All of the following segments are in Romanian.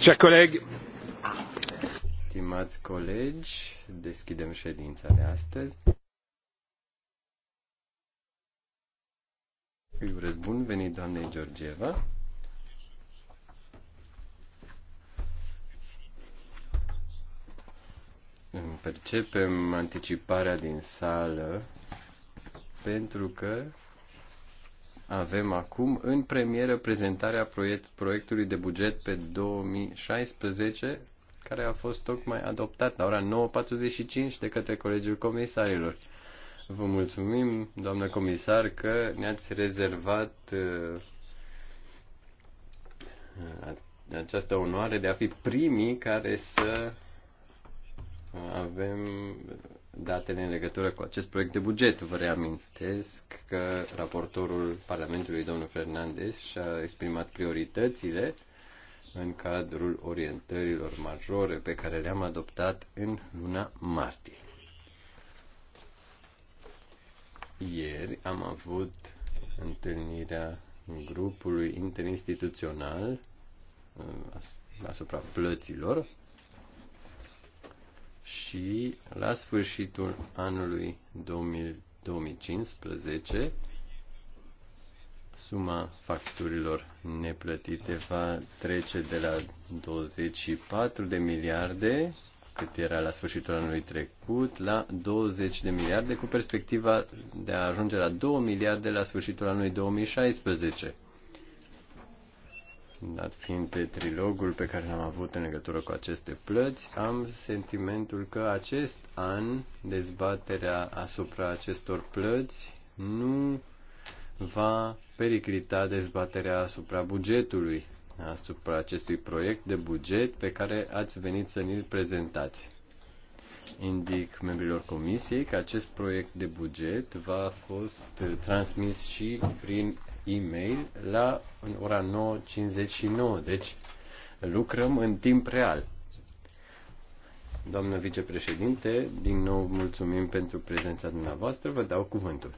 Chers collègues, stimați colegi, deschidem ședința de astăzi. Îi urez bun venit doamnei Georgieva. Percepem anticiparea din sală pentru că avem acum în premieră prezentarea proiect, proiectului de buget pe 2016, care a fost tocmai adoptat la ora 9.45 de către Colegiul Comisarilor. Vă mulțumim, doamnă comisar, că ne-ați rezervat uh, această onoare de a fi primii care să avem datele în legătură cu acest proiect de buget. Vă reamintesc că raportorul Parlamentului, domnul Fernandez, și-a exprimat prioritățile în cadrul orientărilor majore pe care le-am adoptat în luna martie. Ieri am avut întâlnirea grupului interinstituțional uh, asupra plăților și la sfârșitul anului 2000, 2015 suma facturilor neplătite va trece de la 24 de miliarde cât era la sfârșitul anului trecut, la 20 de miliarde, cu perspectiva de a ajunge la 2 miliarde la sfârșitul anului 2016 dat fiind pe trilogul pe care l-am avut în legătură cu aceste plăți, am sentimentul că acest an dezbaterea asupra acestor plăți nu va periclita dezbaterea asupra bugetului, asupra acestui proiect de buget pe care ați venit să ni-l prezentați indic membrilor comisiei că acest proiect de buget va fost uh, transmis și prin e-mail la ora 9.59, deci lucrăm în timp real. Doamnă vicepreședinte, din nou mulțumim pentru prezența dumneavoastră, vă dau cuvântul.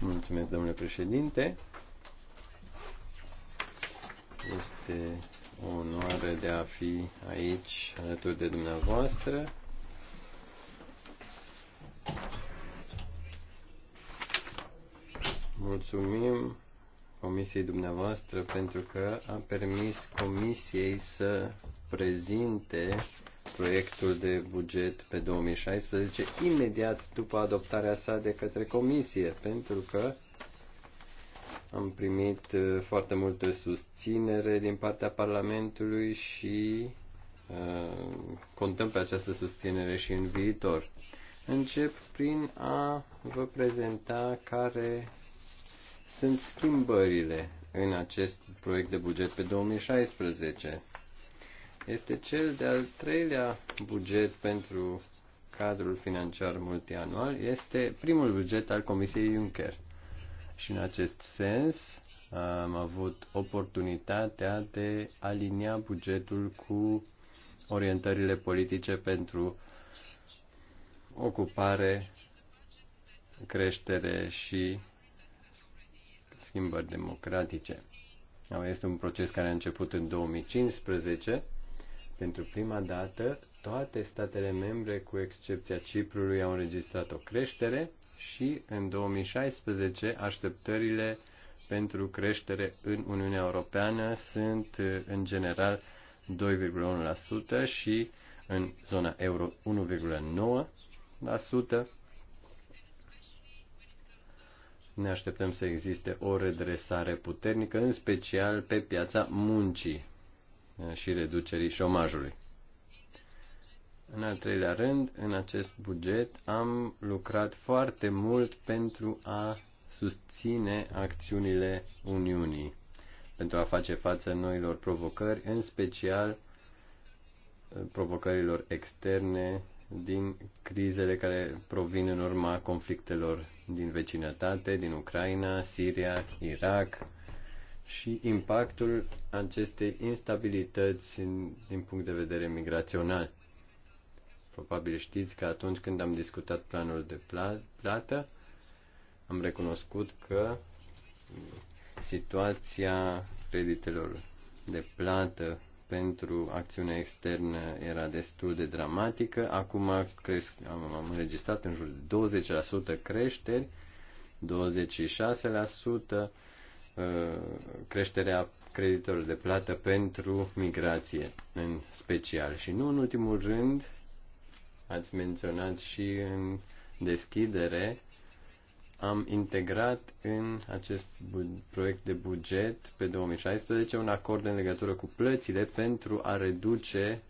Mulțumesc, domnule președinte. Este onoare de a fi aici alături de dumneavoastră. Mulțumim comisiei dumneavoastră pentru că a permis comisiei să prezinte proiectul de buget pe 2016 imediat după adoptarea sa de către comisie, pentru că am primit uh, foarte multă susținere din partea Parlamentului și uh, contăm pe această susținere și în viitor. Încep prin a vă prezenta care sunt schimbările în acest proiect de buget pe 2016. Este cel de-al treilea buget pentru cadrul financiar multianual. Este primul buget al Comisiei Juncker. Și în acest sens am avut oportunitatea de a alinia bugetul cu orientările politice pentru ocupare, creștere și schimbări democratice. Este un proces care a început în 2015. Pentru prima dată, toate statele membre, cu excepția Ciprului, au înregistrat o creștere și în 2016 așteptările pentru creștere în Uniunea Europeană sunt în general 2,1% și în zona euro 1,9%. Ne așteptăm să existe o redresare puternică, în special pe piața muncii și reducerii șomajului. În al treilea rând, în acest buget am lucrat foarte mult pentru a susține acțiunile Uniunii, pentru a face față noilor provocări, în special uh, provocărilor externe din crizele care provin în urma conflictelor din vecinătate, din Ucraina, Siria, Irak și impactul acestei instabilități din punct de vedere migrațional. Probabil știți că atunci când am discutat planul de plată, am recunoscut că situația creditelor de plată pentru acțiunea externă era destul de dramatică. Acum cresc, am, am înregistrat în jur de 20% creșteri, 26% uh, creșterea creditelor de plată pentru migrație în special. Și nu în ultimul rând, ați menționat și în deschidere, am integrat în acest proiect de buget pe 2016 un acord în legătură cu plățile pentru a reduce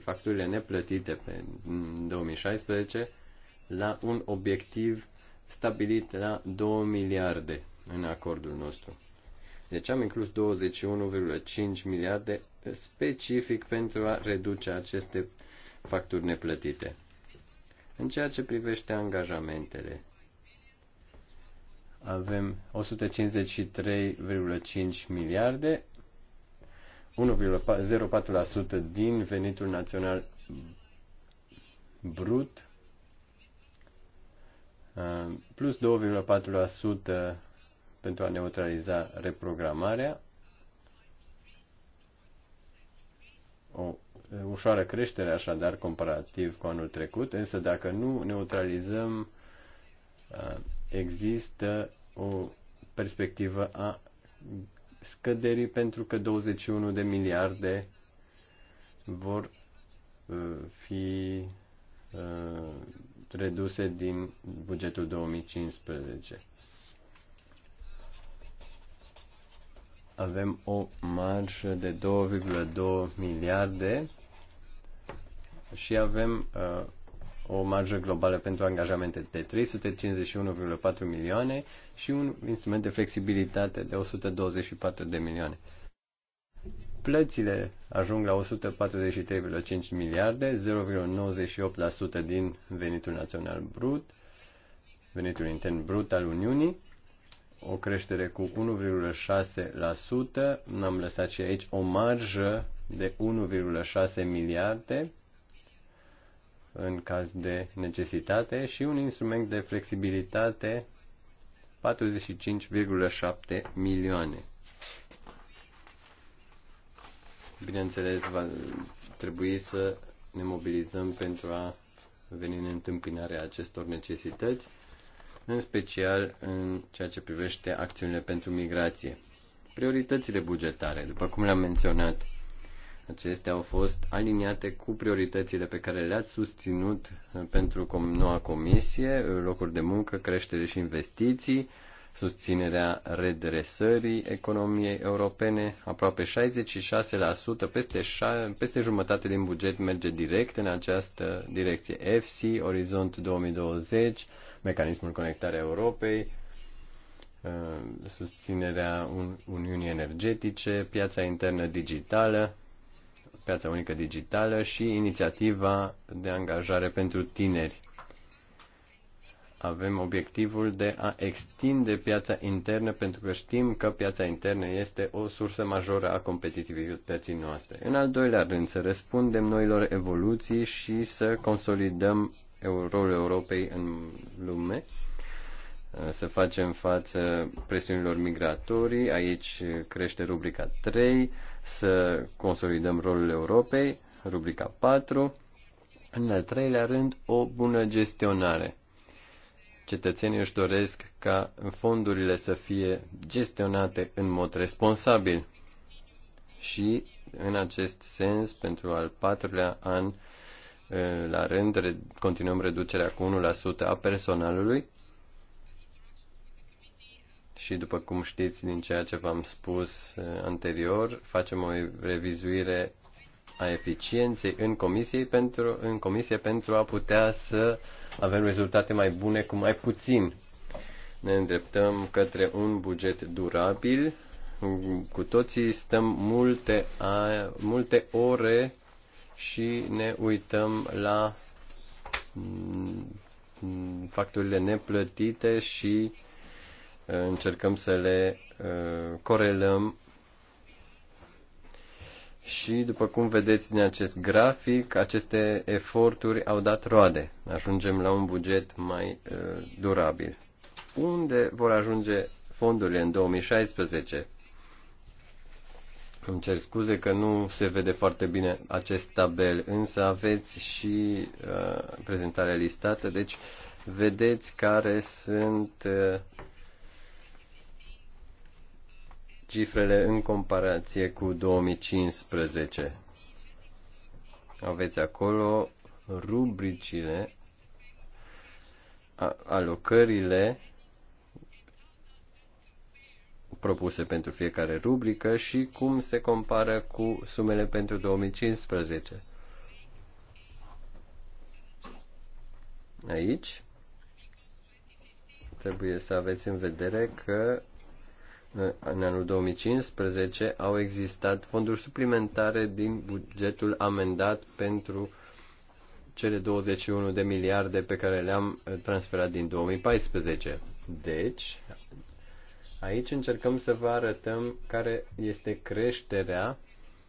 facturile neplătite pe 2016 la un obiectiv stabilit la 2 miliarde în acordul nostru. Deci am inclus 21,5 miliarde specific pentru a reduce aceste facturi neplătite. În ceea ce privește angajamentele, avem 153,5 miliarde, 1,04% din venitul național brut, plus 2,4% pentru a neutraliza reprogramarea, o ușoară creștere așadar comparativ cu anul trecut, însă dacă nu neutralizăm, există o perspectivă a scăderii pentru că 21 de miliarde vor fi reduse din bugetul 2015. Avem o marjă de 2,2 miliarde și avem uh, o marjă globală pentru angajamente de 351,4 milioane și un instrument de flexibilitate de 124 de milioane. Plățile ajung la 143,5 miliarde, 0,98% din venitul național brut, venitul intern brut al Uniunii, o creștere cu 1,6%. N-am lăsat și aici o marjă de 1,6 miliarde, în caz de necesitate și un instrument de flexibilitate 45,7 milioane. Bineînțeles, va trebui să ne mobilizăm pentru a veni în întâmpinarea acestor necesități, în special în ceea ce privește acțiunile pentru migrație. Prioritățile bugetare, după cum le-am menționat, Acestea au fost aliniate cu prioritățile pe care le-ați susținut uh, pentru noua comisie, uh, locuri de muncă, creștere și investiții, susținerea redresării economiei europene, aproape 66%, peste, peste jumătate din buget merge direct în această direcție. FC, Orizont 2020, Mecanismul Conectarea Europei, uh, susținerea Uniunii Energetice, piața internă digitală, piața unică digitală și inițiativa de angajare pentru tineri. Avem obiectivul de a extinde piața internă pentru că știm că piața internă este o sursă majoră a competitivității noastre. În al doilea rând, să răspundem noilor evoluții și să consolidăm rolul Europei în lume să facem față presiunilor migratorii. Aici crește rubrica 3, să consolidăm rolul Europei, rubrica 4, în al treilea rând, o bună gestionare. Cetățenii își doresc ca fondurile să fie gestionate în mod responsabil. Și, în acest sens, pentru al patrulea an la rând, continuăm reducerea cu 1% a personalului și după cum știți din ceea ce v-am spus eh, anterior, facem o revizuire a eficienței în comisie pentru, în comisie pentru a putea să avem rezultate mai bune cu mai puțin. Ne îndreptăm către un buget durabil. Cu toții stăm multe, a, multe ore și ne uităm la mm, mm, facturile neplătite și încercăm să le uh, corelăm și, după cum vedeți din acest grafic, aceste eforturi au dat roade. Ajungem la un buget mai uh, durabil. Unde vor ajunge fondurile în 2016? Îmi cer scuze că nu se vede foarte bine acest tabel, însă aveți și uh, prezentarea listată, deci vedeți care sunt uh, cifrele în comparație cu 2015. Aveți acolo rubricile, alocările propuse pentru fiecare rubrică și cum se compară cu sumele pentru 2015. Aici trebuie să aveți în vedere că în anul 2015 au existat fonduri suplimentare din bugetul amendat pentru cele 21 de miliarde pe care le-am eh, transferat din 2014. Deci, aici încercăm să vă arătăm care este creșterea.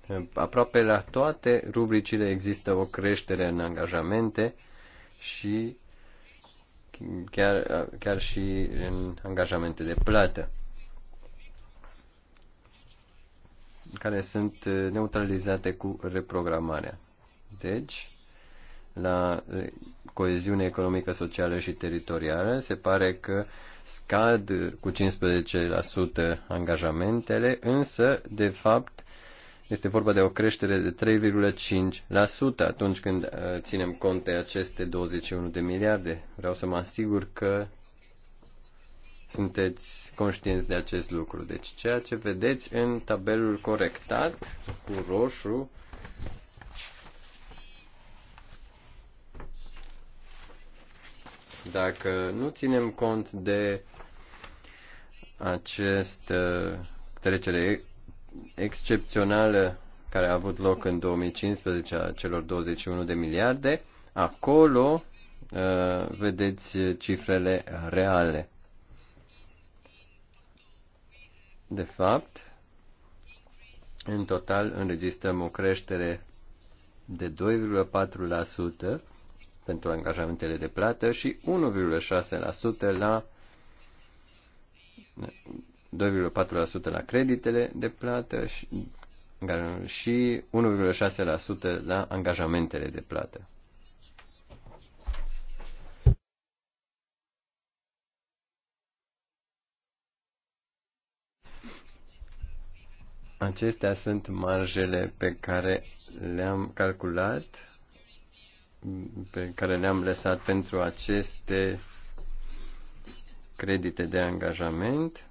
Eh, aproape la toate rubricile există o creștere în angajamente și chiar, eh, chiar și în angajamente de plată. care sunt uh, neutralizate cu reprogramarea. Deci, la uh, coeziune economică, socială și teritorială, se pare că scad cu 15% angajamentele, însă, de fapt, este vorba de o creștere de 3,5% atunci când uh, ținem cont de aceste 21 de miliarde. Vreau să mă asigur că sunteți conștienți de acest lucru. Deci ceea ce vedeți în tabelul corectat cu roșu dacă nu ținem cont de acest trecere excepțională care a avut loc în 2015 a celor 21 de miliarde, acolo uh, vedeți cifrele reale. De fapt, în total înregistrăm o creștere de 2,4% pentru angajamentele de plată și 1,6% la 2,4% la creditele de plată și 1,6% la angajamentele de plată. Acestea sunt marjele pe care le-am calculat, pe care le-am lăsat pentru aceste credite de angajament.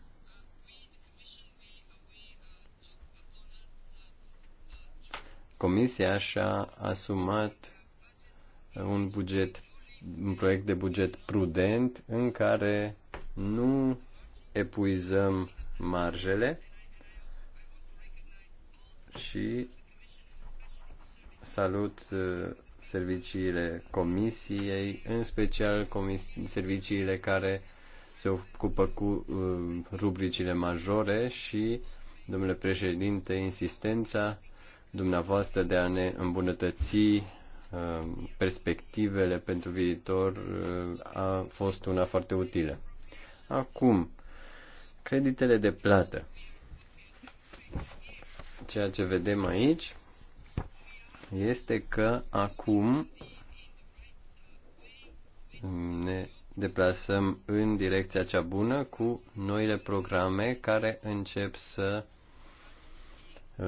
Comisia și-a asumat un buget, un proiect de buget prudent în care nu epuizăm marjele și salut uh, serviciile comisiei, în special comis- serviciile care se ocupă cu uh, rubricile majore și, domnule președinte, insistența dumneavoastră de a ne îmbunătăți uh, perspectivele pentru viitor a fost una foarte utilă. Acum, creditele de plată. Ceea ce vedem aici este că acum ne deplasăm în direcția cea bună cu noile programe care încep să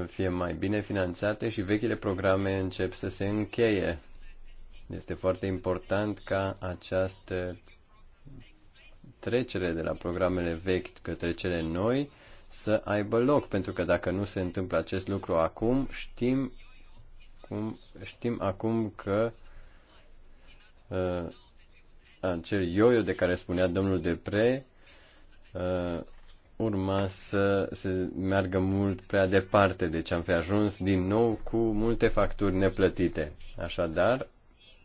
fie mai bine finanțate și vechile programe încep să se încheie. Este foarte important ca această trecere de la programele vechi către cele noi să aibă loc, pentru că dacă nu se întâmplă acest lucru acum, știm, cum, știm acum că uh, acel yo-yo de care spunea domnul Depre uh, urma să se meargă mult prea departe, deci am fi ajuns din nou cu multe facturi neplătite. Așadar,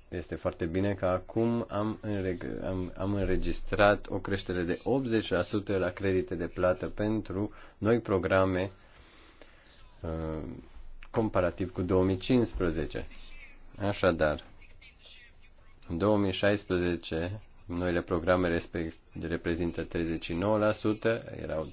este foarte bine că acum am, înreg- am, am înregistrat o creștere de 80% la credite de plată pentru noi programe uh, comparativ cu 2015. Așadar, în 2016 noile programe reprezintă 39%, erau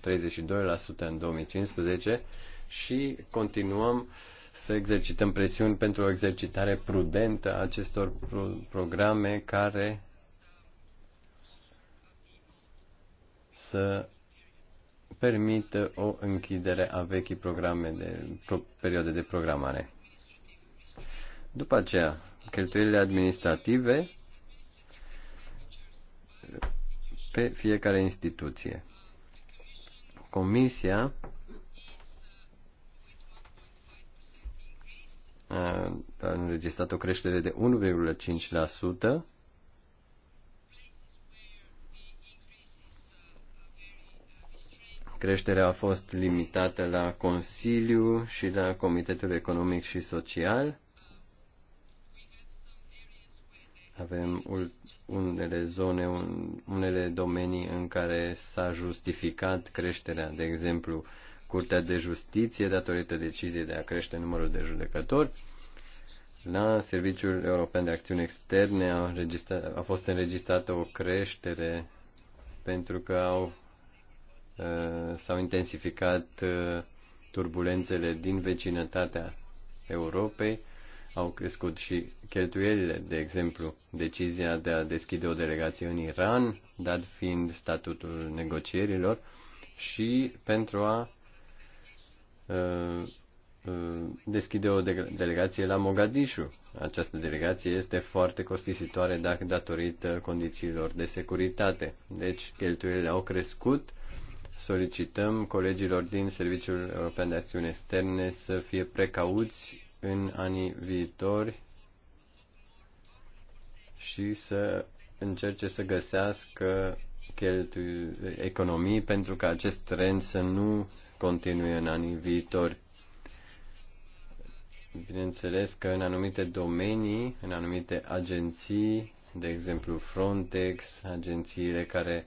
32% în 2015 și continuăm uh, să exercităm presiuni pentru o exercitare prudentă a acestor pro- programe care să permită o închidere a vechii programe de pro, perioade de programare. După aceea, cheltuielile administrative pe fiecare instituție. Comisia a înregistrat o creștere de 1,5%, Creșterea a fost limitată la Consiliu și la Comitetul Economic și Social. Avem unele zone, unele domenii în care s-a justificat creșterea, de exemplu, Curtea de Justiție, datorită deciziei de a crește numărul de judecători. La Serviciul European de Acțiuni Externe a, a fost înregistrată o creștere pentru că au, uh, s-au intensificat uh, turbulențele din vecinătatea Europei, au crescut și cheltuielile, de exemplu, decizia de a deschide o delegație în Iran, dat fiind statutul negocierilor, și pentru a Uh, uh, deschide o delegație la Mogadishu. Această delegație este foarte costisitoare dacă datorită condițiilor de securitate. Deci cheltuielile au crescut. Solicităm colegilor din Serviciul European de Acțiune Externe să fie precauți în anii viitori și să încerce să găsească cheltui, economii pentru ca acest trend să nu continue în anii viitori. Bineînțeles că în anumite domenii, în anumite agenții, de exemplu Frontex, agențiile care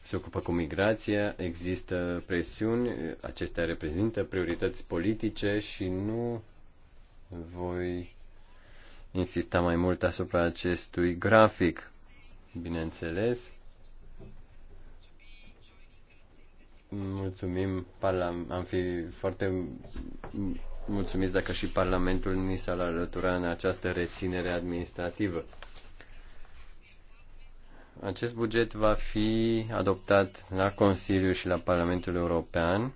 se ocupă cu migrația, există presiuni, acestea reprezintă priorități politice și nu voi insista mai mult asupra acestui grafic. Bineînțeles, Mulțumim, am fi foarte mulțumit dacă și Parlamentul ni s-ar alătura în această reținere administrativă. Acest buget va fi adoptat la Consiliu și la Parlamentul European.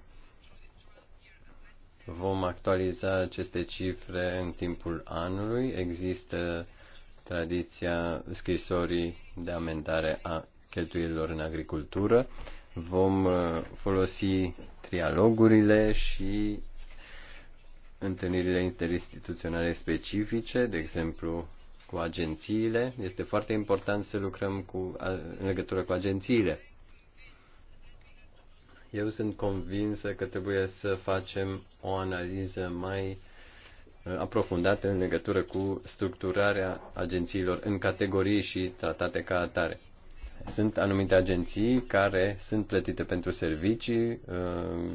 Vom actualiza aceste cifre în timpul anului. Există tradiția scrisorii de amendare a cheltuielilor în agricultură. Vom uh, folosi trialogurile și întâlnirile interinstituționale specifice, de exemplu cu agențiile. Este foarte important să lucrăm cu, în legătură cu agențiile. Eu sunt convinsă că trebuie să facem o analiză mai uh, aprofundată în legătură cu structurarea agențiilor în categorii și tratate ca atare. Sunt anumite agenții care sunt plătite pentru servicii, uh,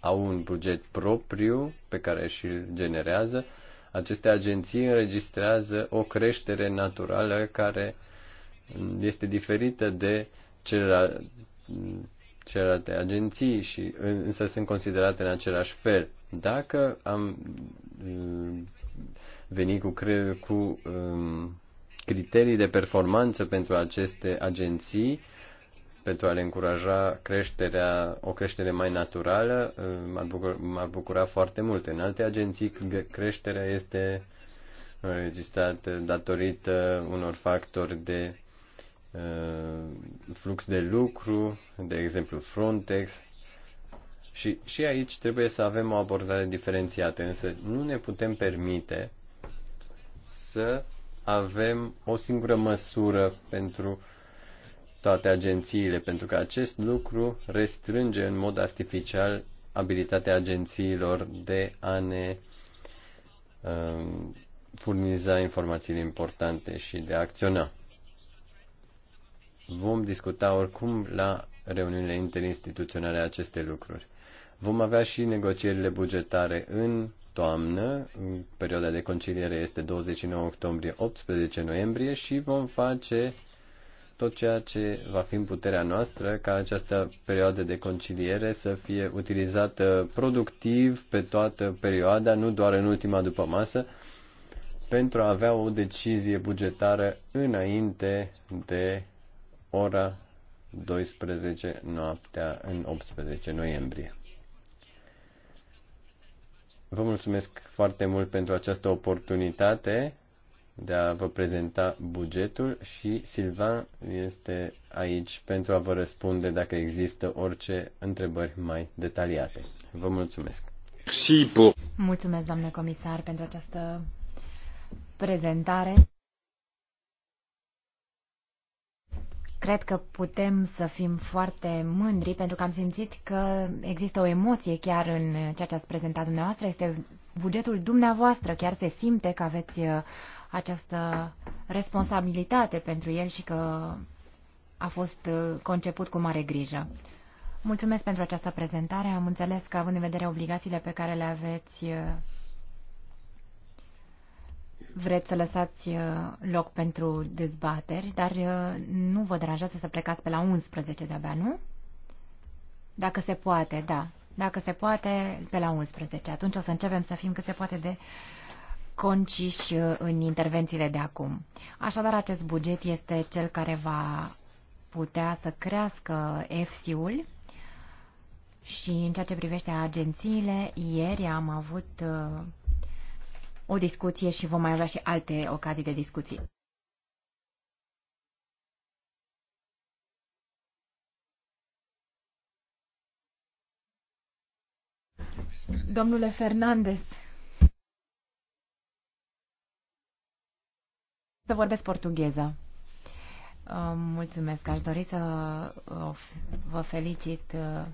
au un buget propriu pe care și-l generează. Aceste agenții înregistrează o creștere naturală care este diferită de celelalte, celelalte agenții și însă sunt considerate în același fel. Dacă am uh, venit cu, cre- cu um, criterii de performanță pentru aceste agenții, pentru a le încuraja creșterea, o creștere mai naturală, uh, m-ar bucura, m-ar bucura foarte mult. În alte agenții creșterea este înregistrată datorită unor factori de uh, flux de lucru, de exemplu Frontex. Și, și aici trebuie să avem o abordare diferențiată, însă nu ne putem permite să avem o singură măsură pentru toate agențiile, pentru că acest lucru restrânge în mod artificial abilitatea agențiilor de a ne um, furniza informațiile importante și de a acționa. Vom discuta oricum la reuniunile interinstituționale aceste lucruri. Vom avea și negocierile bugetare în toamnă. Perioada de conciliere este 29 octombrie-18 noiembrie și vom face tot ceea ce va fi în puterea noastră ca această perioadă de conciliere să fie utilizată productiv pe toată perioada, nu doar în ultima după masă, pentru a avea o decizie bugetară înainte de ora 12 noaptea în 18 noiembrie. Vă mulțumesc foarte mult pentru această oportunitate de a vă prezenta bugetul și Silvan este aici pentru a vă răspunde dacă există orice întrebări mai detaliate. Vă mulțumesc. Mulțumesc, doamne comisar, pentru această prezentare. cred că putem să fim foarte mândri pentru că am simțit că există o emoție chiar în ceea ce ați prezentat dumneavoastră. Este bugetul dumneavoastră, chiar se simte că aveți uh, această responsabilitate pentru el și că a fost uh, conceput cu mare grijă. Mulțumesc pentru această prezentare. Am înțeles că, având în vedere obligațiile pe care le aveți uh, vreți să lăsați uh, loc pentru dezbateri, dar uh, nu vă deranjează să plecați pe la 11 de-abia, nu? Dacă se poate, da. Dacă se poate, pe la 11. Atunci o să începem să fim cât se poate de conciși uh, în intervențiile de acum. Așadar, acest buget este cel care va putea să crească EFSI-ul și în ceea ce privește agențiile, ieri am avut uh, o discuție și vom mai avea și alte ocazii de discuție. Domnule Fernandez, să vorbesc portugheză. Mulțumesc. Aș dori să uh, vă felicit, uh,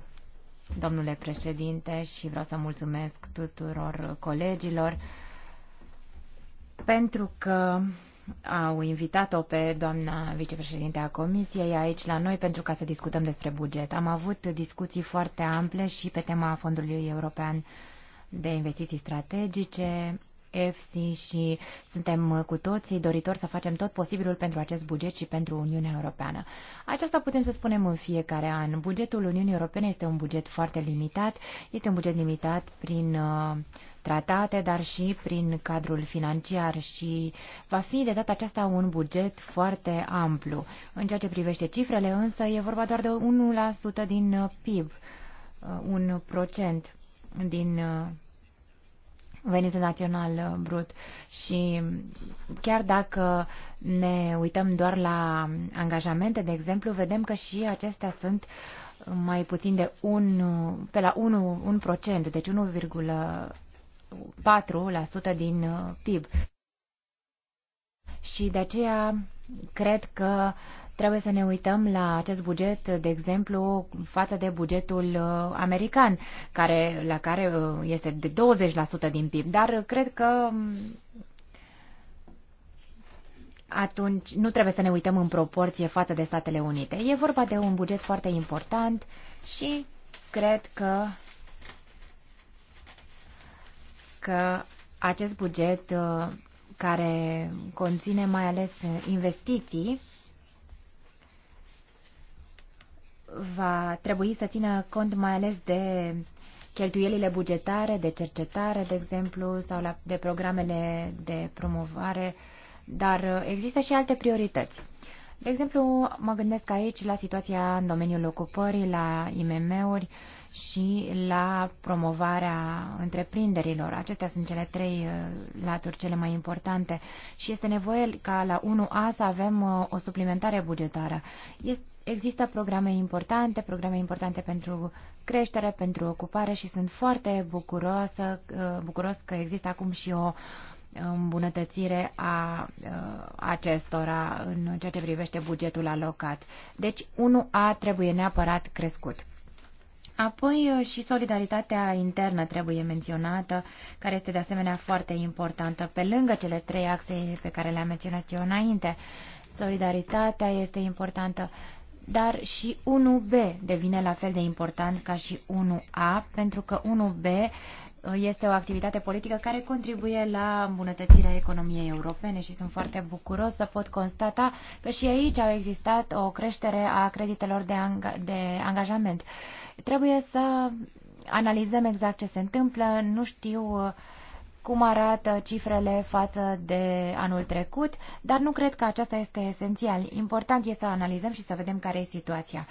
domnule președinte, și vreau să mulțumesc tuturor colegilor pentru că au invitat-o pe doamna vicepreședinte a Comisiei aici la noi pentru ca să discutăm despre buget. Am avut discuții foarte ample și pe tema Fondului European de Investiții Strategice, EFSI și suntem cu toții doritori să facem tot posibilul pentru acest buget și pentru Uniunea Europeană. Aceasta putem să spunem în fiecare an. Bugetul Uniunii Europene este un buget foarte limitat, este un buget limitat prin uh, tratate, dar și prin cadrul financiar și va fi de data aceasta un buget foarte amplu. În ceea ce privește cifrele, însă, e vorba doar de 1% din uh, PIB, uh, un procent din uh, venitul național uh, brut. Și chiar dacă ne uităm doar la angajamente, de exemplu, vedem că și acestea sunt mai puțin de 1, pe la 1, 1% deci 1,4% din uh, PIB. Și de aceea cred că trebuie să ne uităm la acest buget, de exemplu, față de bugetul uh, american, care, la care uh, este de 20% din PIB, dar uh, cred că um, atunci nu trebuie să ne uităm în proporție față de Statele Unite. E vorba de un buget foarte important și cred că, că acest buget care conține mai ales investiții, va trebui să țină cont mai ales de cheltuielile bugetare, de cercetare, de exemplu, sau la, de programele de promovare, dar există și alte priorități. De exemplu, mă gândesc aici la situația în domeniul ocupării, la IMM-uri, uh, și la promovarea întreprinderilor. Acestea sunt cele trei uh, laturi cele mai importante și este nevoie ca la 1A să avem uh, o suplimentare bugetară. Există programe importante, programe importante pentru creștere, pentru ocupare și sunt foarte bucuroasă, uh, bucuros că există acum și o îmbunătățire a acestora în ceea ce privește bugetul alocat. Deci 1A trebuie neapărat crescut. Apoi uh, și solidaritatea internă trebuie menționată, care este de asemenea foarte importantă, pe lângă cele trei axe pe care le-am menționat eu înainte. Solidaritatea este importantă, dar și 1B devine la fel de important ca și 1A, pentru că 1B este o activitate politică care contribuie la îmbunătățirea economiei europene și sunt foarte bucuros să pot constata că și aici au existat o creștere a creditelor de, ang- de angajament. Trebuie să analizăm exact ce se întâmplă. Nu știu uh, cum arată cifrele față de anul trecut, dar nu cred că aceasta este esențial. Important este să analizăm și să vedem care e situația.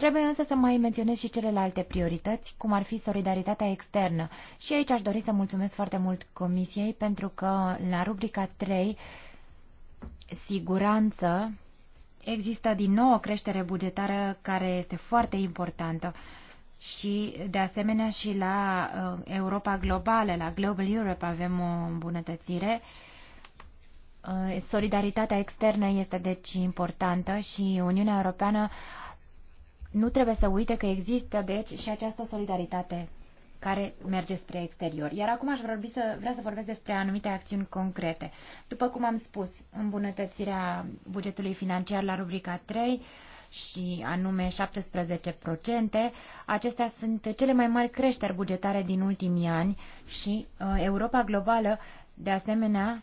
Trebuie însă să mai menționez și celelalte priorități, cum ar fi solidaritatea externă. Și aici aș dori să mulțumesc foarte mult Comisiei pentru că la rubrica 3, siguranță, există din nou o creștere bugetară care este foarte importantă și de asemenea și la uh, Europa Globală, la Global Europe avem o îmbunătățire. Uh, solidaritatea externă este deci importantă și Uniunea Europeană nu trebuie să uite că există, deci, și această solidaritate care merge spre exterior. Iar acum aș vorbi să, vrea să vorbesc despre anumite acțiuni concrete. După cum am spus, îmbunătățirea bugetului financiar la rubrica 3 și anume 17%, acestea sunt cele mai mari creșteri bugetare din ultimii ani și uh, Europa globală, de asemenea,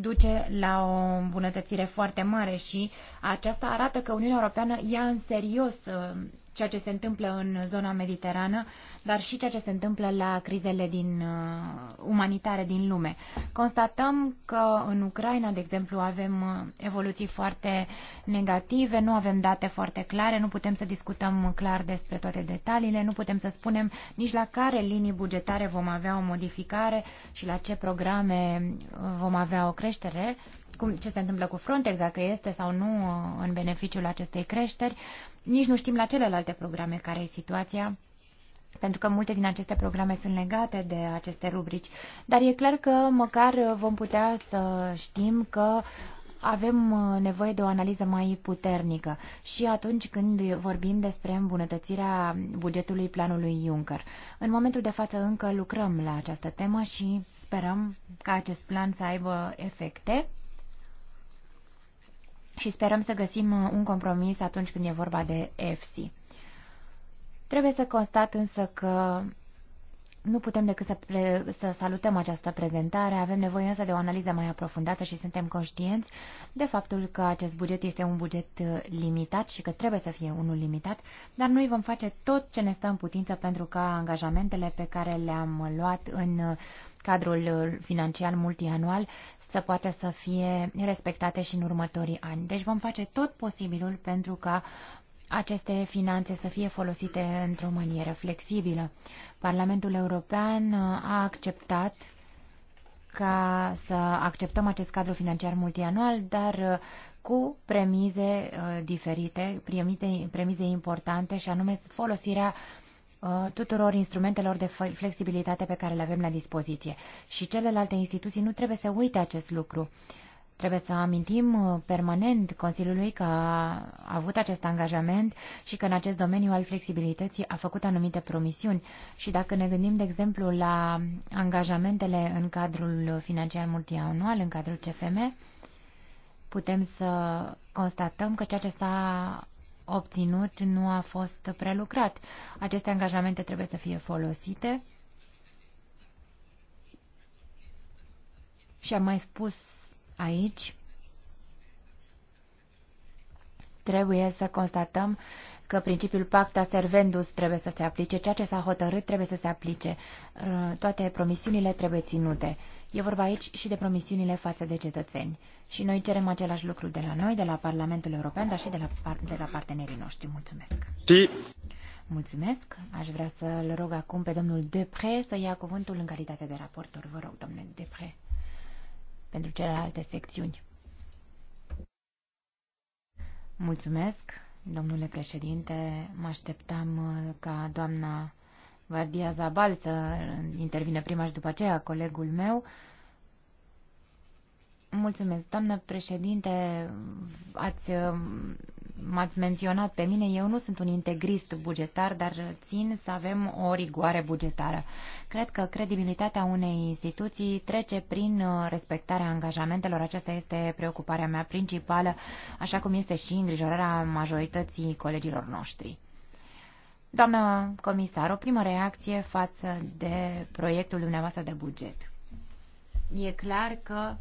duce la o îmbunătățire foarte mare și aceasta arată că Uniunea Europeană ia în serios uh, ceea ce se întâmplă în zona mediterană, dar și ceea ce se întâmplă la crizele din, uh, umanitare din lume. Constatăm că în Ucraina, de exemplu, avem uh, evoluții foarte negative, nu avem date foarte clare, nu putem să discutăm clar despre toate detaliile, nu putem să spunem nici la care linii bugetare vom avea o modificare și la ce programe uh, vom avea o creștere cum, ce se întâmplă cu Frontex, dacă este sau nu uh, în beneficiul acestei creșteri. Nici nu știm la celelalte programe care e situația pentru că multe din aceste programe sunt legate de aceste rubrici. Dar e clar că măcar uh, vom putea să știm că avem uh, nevoie de o analiză mai puternică și atunci când vorbim despre îmbunătățirea bugetului planului Juncker. În momentul de față încă lucrăm la această temă și sperăm ca acest plan să aibă efecte și sperăm să găsim uh, un compromis atunci când e vorba de EFSI. Trebuie să constat însă că nu putem decât să, pre- să salutăm această prezentare, avem nevoie însă de o analiză mai aprofundată și suntem conștienți de faptul că acest buget este un buget uh, limitat și că trebuie să fie unul limitat, dar noi vom face tot ce ne stă în putință pentru ca angajamentele pe care le-am luat în uh, cadrul financiar multianual să poată să fie respectate și în următorii ani. Deci vom face tot posibilul pentru ca aceste finanțe să fie folosite într-o manieră flexibilă. Parlamentul European a acceptat ca să acceptăm acest cadru financiar multianual, dar uh, cu premize uh, diferite, premize, importante și anume folosirea uh, Uh, tuturor instrumentelor de flexibilitate pe care le avem la dispoziție. Și celelalte instituții nu trebuie să uite acest lucru. Trebuie să amintim uh, permanent Consiliului că a avut acest angajament și că în acest domeniu al flexibilității a făcut anumite promisiuni. Și dacă ne gândim, de exemplu, la angajamentele în cadrul financiar multianual, în cadrul CFM, putem să constatăm că ceea ce s-a obținut nu a fost prelucrat. Aceste angajamente trebuie să fie folosite. Și am mai spus aici, trebuie să constatăm că principiul pacta servendus trebuie să se aplice, ceea ce s-a hotărât trebuie să se aplice. Uh, toate promisiunile trebuie ținute. E vorba aici și de promisiunile față de cetățeni. Și noi cerem același lucru de la noi, de la Parlamentul European, dar și de la, de la partenerii noștri. Mulțumesc! Si. Mulțumesc! Aș vrea să-l rog acum pe domnul Depre să ia cuvântul în calitate de raportor. Vă rog, domnule Depre, pentru celelalte secțiuni. Mulțumesc! Domnule președinte, mă așteptam uh, ca doamna Vardia Zabal să intervine prima și după aceea colegul meu. Mulțumesc, doamnă președinte, ați uh, m-ați menționat pe mine, eu nu sunt un integrist bugetar, dar țin să avem o rigoare bugetară. Cred că credibilitatea unei instituții trece prin uh, respectarea angajamentelor. Aceasta este preocuparea mea principală, așa cum este și îngrijorarea majorității colegilor noștri. Doamnă comisar, o primă reacție față de proiectul dumneavoastră de buget. E clar că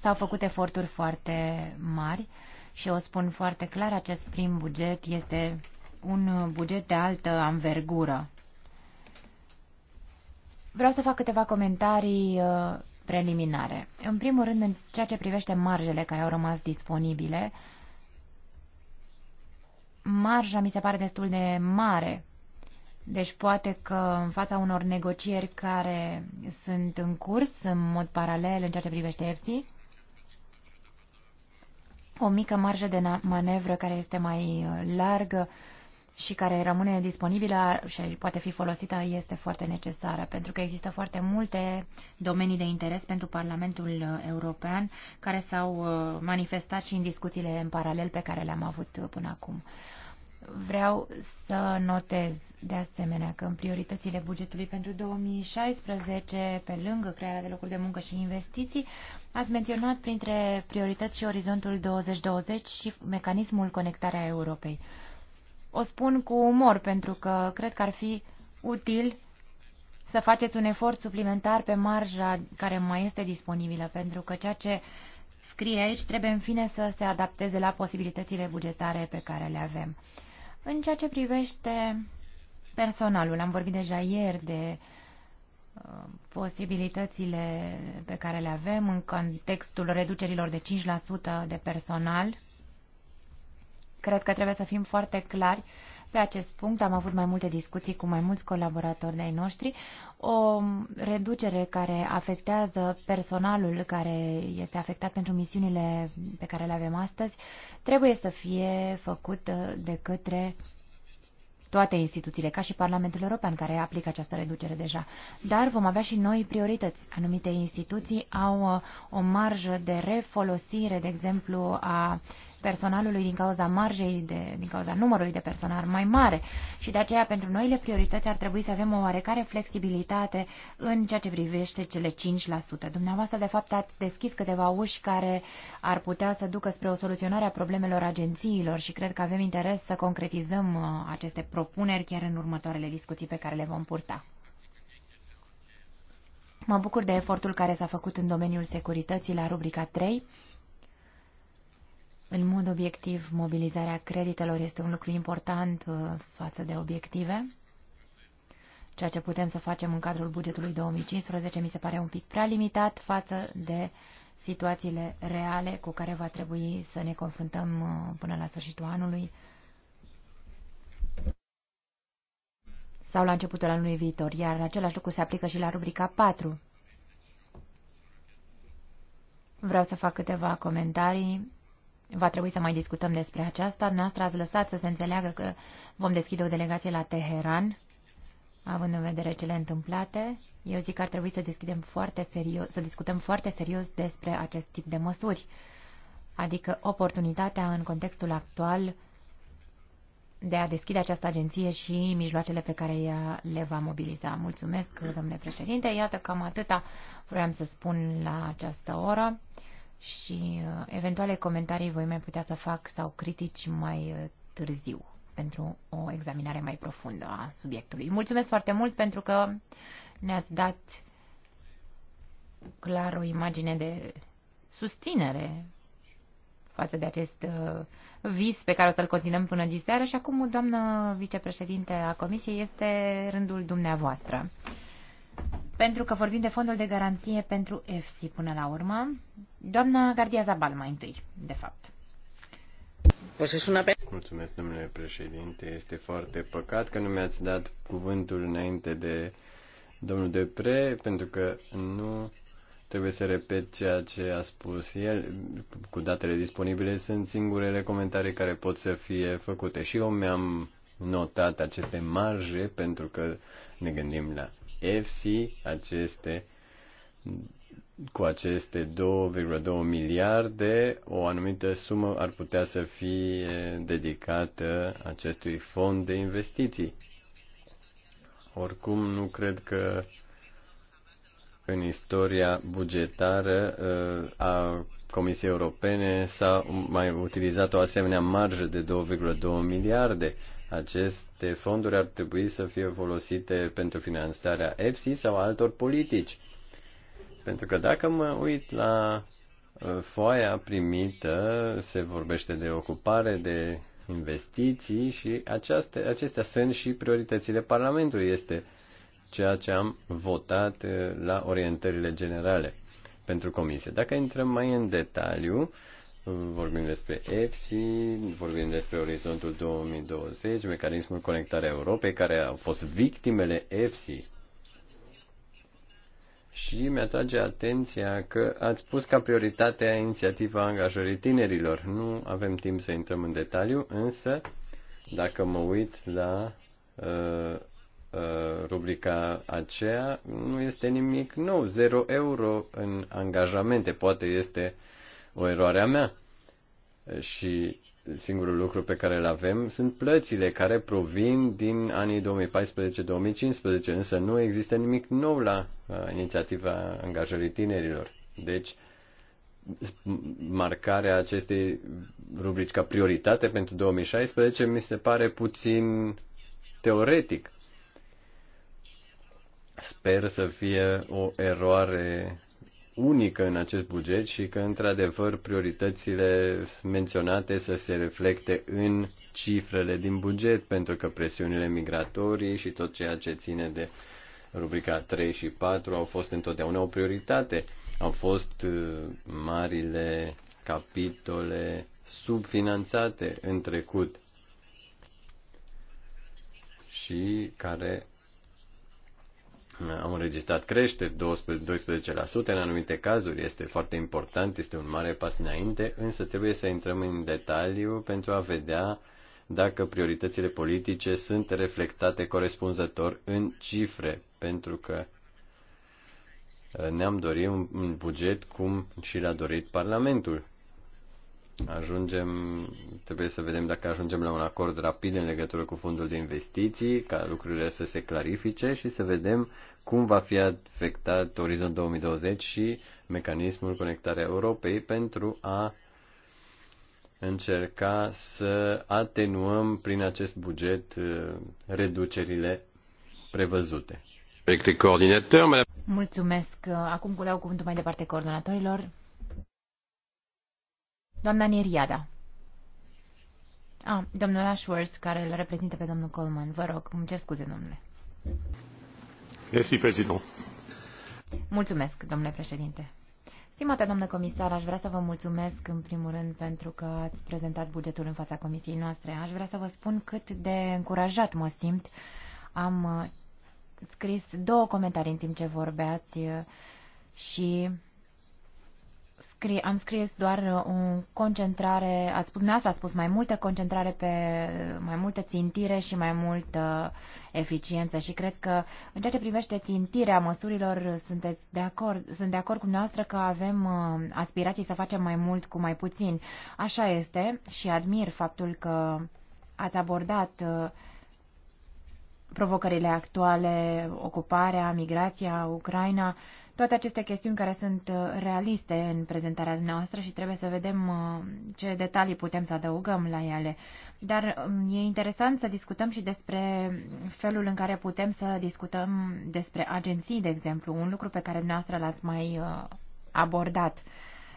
s-au făcut eforturi foarte mari și o spun foarte clar, acest prim buget este un buget de altă anvergură. Vreau să fac câteva comentarii uh, preliminare. În primul rând, în ceea ce privește marjele care au rămas disponibile, marja mi se pare destul de mare. Deci poate că în fața unor negocieri care sunt în curs în mod paralel în ceea ce privește EFSI, o mică marjă de manevră care este mai uh, largă și care rămâne disponibilă și poate fi folosită este foarte necesară, pentru că există foarte multe domenii de interes pentru Parlamentul uh, European care s-au uh, manifestat și în discuțiile în paralel pe care le-am avut până acum. Vreau să notez de asemenea că în prioritățile bugetului pentru 2016, pe lângă crearea de locuri de muncă și investiții, ați menționat printre priorități și orizontul 2020 și mecanismul conectarea Europei. O spun cu umor pentru că cred că ar fi util să faceți un efort suplimentar pe marja care mai este disponibilă, pentru că ceea ce scrie aici trebuie în fine să se adapteze la posibilitățile bugetare pe care le avem. În ceea ce privește personalul, am vorbit deja ieri de uh, posibilitățile pe care le avem în contextul reducerilor de 5% de personal. Cred că trebuie să fim foarte clari pe acest punct am avut mai multe discuții cu mai mulți colaboratori de-ai noștri. O reducere care afectează personalul care este afectat pentru misiunile pe care le avem astăzi trebuie să fie făcută de către toate instituțiile, ca și Parlamentul European, care aplică această reducere deja. Dar vom avea și noi priorități. Anumite instituții au o marjă de refolosire, de exemplu, a personalului din cauza marjei, de, din cauza numărului de personal mai mare și de aceea pentru noile priorități ar trebui să avem o oarecare flexibilitate în ceea ce privește cele 5%. Dumneavoastră, de fapt, ați deschis câteva uși care ar putea să ducă spre o soluționare a problemelor agențiilor și cred că avem interes să concretizăm uh, aceste propuneri chiar în următoarele discuții pe care le vom purta. Mă bucur de efortul care s-a făcut în domeniul securității la rubrica 3 în mod obiectiv, mobilizarea creditelor este un lucru important uh, față de obiective. Ceea ce putem să facem în cadrul bugetului 2015 mi se pare un pic prea limitat față de situațiile reale cu care va trebui să ne confruntăm uh, până la sfârșitul anului sau la începutul anului viitor, iar același lucru se aplică și la rubrica 4. Vreau să fac câteva comentarii va trebui să mai discutăm despre aceasta. Noastră ați lăsat să se înțeleagă că vom deschide o delegație la Teheran, având în vedere cele întâmplate. Eu zic că ar trebui să, deschidem foarte serios, să discutăm foarte serios despre acest tip de măsuri, adică oportunitatea în contextul actual de a deschide această agenție și mijloacele pe care ea le va mobiliza. Mulțumesc, domnule președinte. Iată, cam atâta vreau să spun la această oră și uh, eventuale comentarii voi mai putea să fac sau critici mai uh, târziu pentru o examinare mai profundă a subiectului. Mulțumesc foarte mult pentru că ne-ați dat clar o imagine de susținere față de acest uh, vis pe care o să-l continuăm până diseară și acum, doamnă vicepreședinte a Comisiei, este rândul dumneavoastră. Pentru că vorbim de fondul de garanție pentru EFSI până la urmă, Doamna Gardia Zabal mai întâi, de fapt. Păi Mulțumesc, domnule președinte. Este foarte păcat că nu mi-ați dat cuvântul înainte de domnul Depre, pentru că nu trebuie să repet ceea ce a spus el. Cu datele disponibile sunt singurele comentarii care pot să fie făcute. Și eu mi-am notat aceste marje pentru că ne gândim la FC, aceste cu aceste 2,2 miliarde, o anumită sumă ar putea să fie dedicată acestui fond de investiții. Oricum, nu cred că în istoria bugetară uh, a Comisiei Europene s-a mai utilizat o asemenea marjă de 2,2 miliarde. Aceste fonduri ar trebui să fie folosite pentru finanțarea EPSI sau altor politici pentru că dacă mă uit la uh, foaia primită, se vorbește de ocupare, de investiții și aceaste, acestea sunt și prioritățile Parlamentului. Este ceea ce am votat uh, la orientările generale pentru comisie. Dacă intrăm mai în detaliu, vorbim despre EFSI, vorbim despre Orizontul 2020, mecanismul conectarea Europei, care au fost victimele EFSI și mi-atrage atenția că ați pus ca prioritate a inițiativa angajării tinerilor. Nu avem timp să intrăm în detaliu, însă dacă mă uit la uh, uh, rubrica aceea, nu este nimic nou, 0 euro în angajamente. Poate este o eroare a mea. Și singurul lucru pe care îl avem sunt plățile care provin din anii 2014-2015, însă nu există nimic nou la uh, inițiativa angajării tinerilor. Deci, marcarea acestei rubrici ca prioritate pentru 2016 mi se pare puțin teoretic. Sper să fie o eroare unică în acest buget și că, într-adevăr, prioritățile menționate să se reflecte în cifrele din buget, pentru că presiunile migratorii și tot ceea ce ține de rubrica 3 și 4 au fost întotdeauna o prioritate. Au fost uh, marile capitole subfinanțate în trecut și care am înregistrat creșteri, 12% în anumite cazuri, este foarte important, este un mare pas înainte, însă trebuie să intrăm în detaliu pentru a vedea dacă prioritățile politice sunt reflectate corespunzător în cifre, pentru că eh, ne-am dorit un buget cum și l-a dorit Parlamentul ajungem, trebuie să vedem dacă ajungem la un acord rapid în legătură cu fondul de investiții, ca lucrurile să se clarifice și să vedem cum va fi afectat Orizont 2020 și mecanismul conectarea Europei pentru a încerca să atenuăm prin acest buget uh, reducerile prevăzute. Mulțumesc. Acum dau cuvântul mai departe coordonatorilor. Doamna Neriada. Ah, domnul Ashworth, care îl reprezintă pe domnul Coleman. Vă rog, îmi cer scuze, domnule. Merci, president. Mulțumesc, domnule președinte. Stimată doamnă comisar, aș vrea să vă mulțumesc în primul rând pentru că ați prezentat bugetul în fața comisiei noastre. Aș vrea să vă spun cât de încurajat mă simt. Am uh, scris două comentarii în timp ce vorbeați uh, și scrie, am scris doar uh, o concentrare, ați spus, a spus mai multă concentrare pe uh, mai multă țintire și mai multă uh, eficiență și cred că în ceea ce privește țintirea măsurilor sunteți de acord, sunt de acord cu noastră că avem aspirații să facem mai mult cu mai puțin. Așa este și admir faptul că ați abordat uh, provocările actuale, ocuparea, migrația, Ucraina, toate aceste chestiuni care sunt uh, realiste în prezentarea noastră și trebuie să vedem uh, ce detalii putem să adăugăm la ele. Dar um, e interesant să discutăm și despre felul în care putem să discutăm despre agenții, de exemplu, un lucru pe care noastră l-ați mai uh, abordat.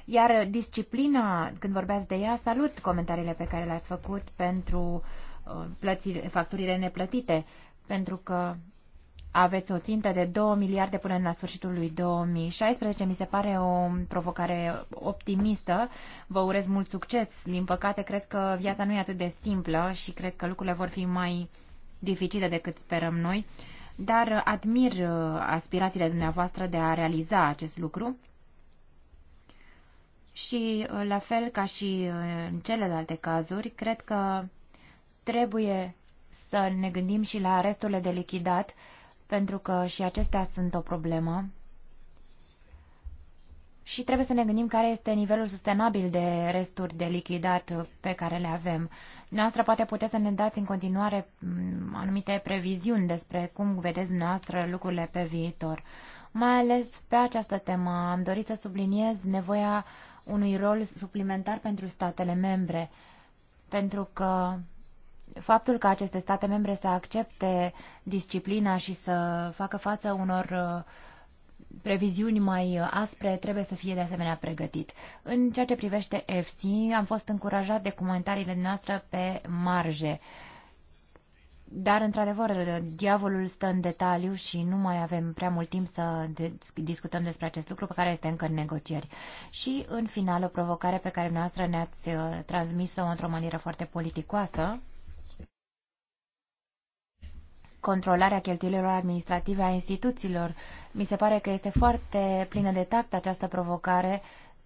Iar disciplina, când vorbeați de ea, salut comentariile pe care le-ați făcut pentru plății, facturile neplătite pentru că aveți o țintă de 2 miliarde până la sfârșitul lui 2016. Mi se pare o provocare optimistă. Vă urez mult succes. Din păcate, cred că viața nu e atât de simplă și cred că lucrurile vor fi mai dificile decât sperăm noi. Dar admir uh, aspirațiile dumneavoastră de a realiza acest lucru. Și uh, la fel ca și uh, în celelalte cazuri, cred că trebuie să ne gândim și la resturile de lichidat, pentru că și acestea sunt o problemă. Și trebuie să ne gândim care este nivelul sustenabil de resturi de lichidat pe care le avem. Noastră poate puteți să ne dați în continuare mm, anumite previziuni despre cum vedeți noastră lucrurile pe viitor. Mai ales pe această temă am dorit să subliniez nevoia unui rol suplimentar pentru statele membre, pentru că faptul că aceste state membre să accepte disciplina și să facă față unor uh, previziuni mai uh, aspre trebuie să fie de asemenea pregătit. În ceea ce privește FC, am fost încurajat de comentariile noastre pe marge. Dar, într-adevăr, diavolul stă în detaliu și nu mai avem prea mult timp să discutăm despre acest lucru pe care este încă în negocieri. Și, în final, o provocare pe care noastră ne-ați uh, transmis-o într-o manieră foarte politicoasă, controlarea cheltuielilor administrative a instituțiilor. Mi se pare că este foarte plină de tact această provocare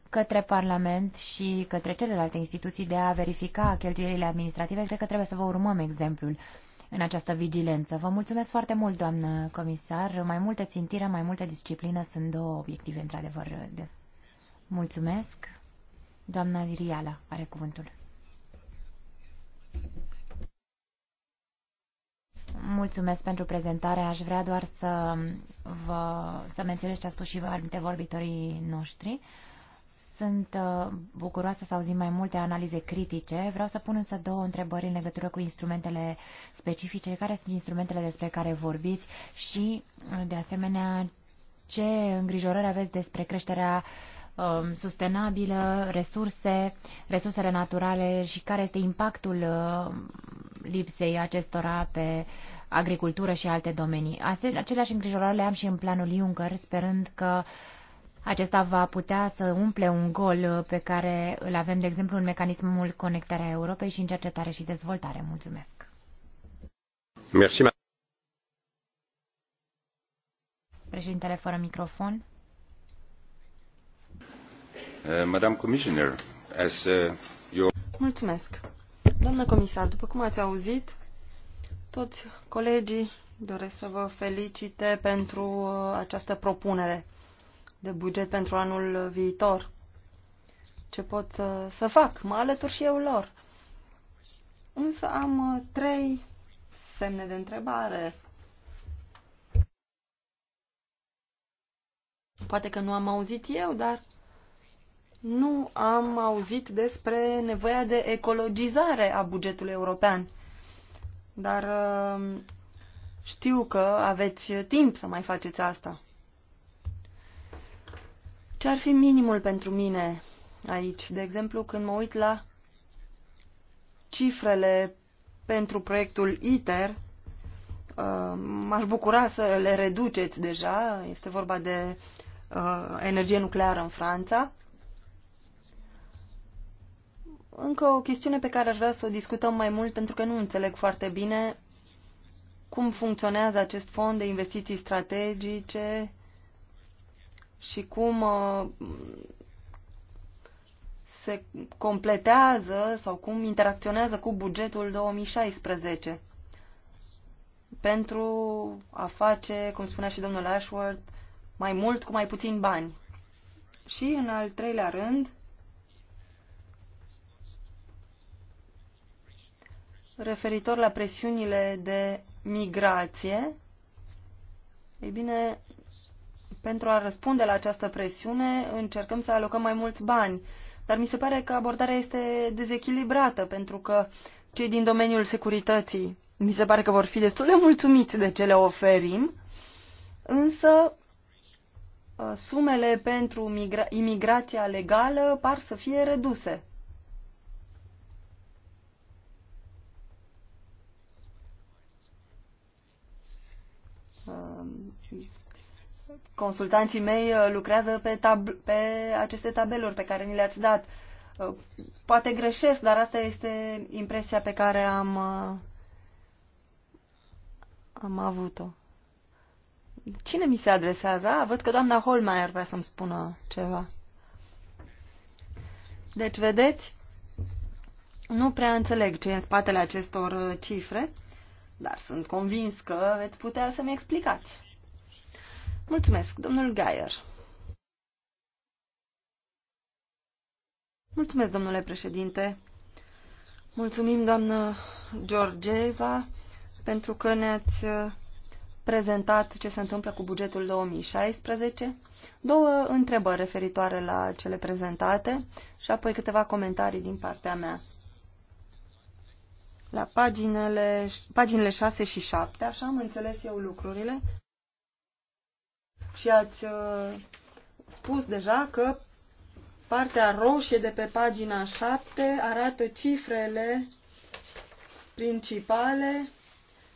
către Parlament și către celelalte instituții de a verifica cheltuielile administrative. Cred că trebuie să vă urmăm exemplul în această vigilență. Vă mulțumesc foarte mult, doamnă comisar. Mai multă țintire, mai multă disciplină sunt două obiective, într-adevăr. Mulțumesc. Doamna Viriala are cuvântul. mulțumesc pentru prezentare. Aș vrea doar să, vă, să menționez ce a spus și vorbitorii noștri. Sunt uh, bucuroasă să auzim mai multe analize critice. Vreau să pun însă două întrebări în legătură cu instrumentele specifice. Care sunt instrumentele despre care vorbiți și, de asemenea, ce îngrijorări aveți despre creșterea um, sustenabilă, resurse, resursele naturale și care este impactul uh, lipsei acestora pe agricultură și alte domenii. Aceleași îngrijorări le am și în planul Juncker, sperând că acesta va putea să umple un gol pe care îl avem, de exemplu, în mecanismul conectarea Europei și în cercetare și dezvoltare. Mulțumesc! Merci, Președintele fără microfon. Uh, Commissioner, as, uh, your... Mulțumesc. Doamnă comisar, după cum ați auzit, toți colegii doresc să vă felicite pentru uh, această propunere de buget pentru anul viitor. Ce pot uh, să fac? Mă alătur și eu lor. Însă am uh, trei semne de întrebare. Poate că nu am auzit eu, dar nu am auzit despre nevoia de ecologizare a bugetului european. Dar uh, știu că aveți timp să mai faceți asta. Ce ar fi minimul pentru mine aici? De exemplu, când mă uit la cifrele pentru proiectul ITER, uh, m-aș bucura să le reduceți deja. Este vorba de uh, energie nucleară în Franța încă o chestiune pe care aș vrea să o discutăm mai mult, pentru că nu înțeleg foarte bine cum funcționează acest fond de investiții strategice și cum uh, se completează sau cum interacționează cu bugetul 2016 pentru a face, cum spunea și domnul Ashworth, mai mult cu mai puțin bani. Și, în al treilea rând, referitor la presiunile de migrație. Ei bine, pentru a răspunde la această presiune, încercăm să alocăm mai mulți bani. Dar mi se pare că abordarea este dezechilibrată, pentru că cei din domeniul securității mi se pare că vor fi destul de mulțumiți de ce le oferim, însă uh, sumele pentru imigrația legală par să fie reduse. Um, consultanții mei uh, lucrează pe, tab- pe aceste tabeluri pe care ni le-ați dat. Uh, poate greșesc, dar asta este impresia pe care am, uh, am avut-o. Cine mi se adresează? A, văd că doamna Holmeier vrea să-mi spună ceva. Deci, vedeți, nu prea înțeleg ce e în spatele acestor cifre. Dar sunt convins că veți putea să-mi explicați. Mulțumesc, domnul Gaier. Mulțumesc, domnule președinte. Mulțumim, doamnă Georgeva, pentru că ne-ați uh, prezentat ce se întâmplă cu bugetul 2016. Două întrebări referitoare la cele prezentate și apoi câteva comentarii din partea mea la paginile, paginile 6 și 7, așa am înțeles eu lucrurile. Și ați uh, spus deja că partea roșie de pe pagina 7 arată cifrele principale